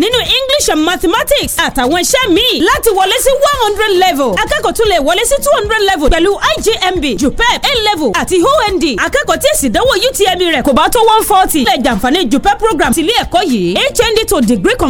nínú English and mathematics àtàwọn iṣẹ́ míì láti wọlé sí one hundred level akẹ́kọ̀ọ́ tún lè wọlé sí two hundred level pẹ̀lú IJMB JUPEP A level àti OND akẹ́kọ̀ọ́ tí èsì ìdánwò UTME rẹ̀ kò bá tó one forty lè jàǹfààní JUPEP program tìlé ẹ̀kọ́ yìí HND to degree conversion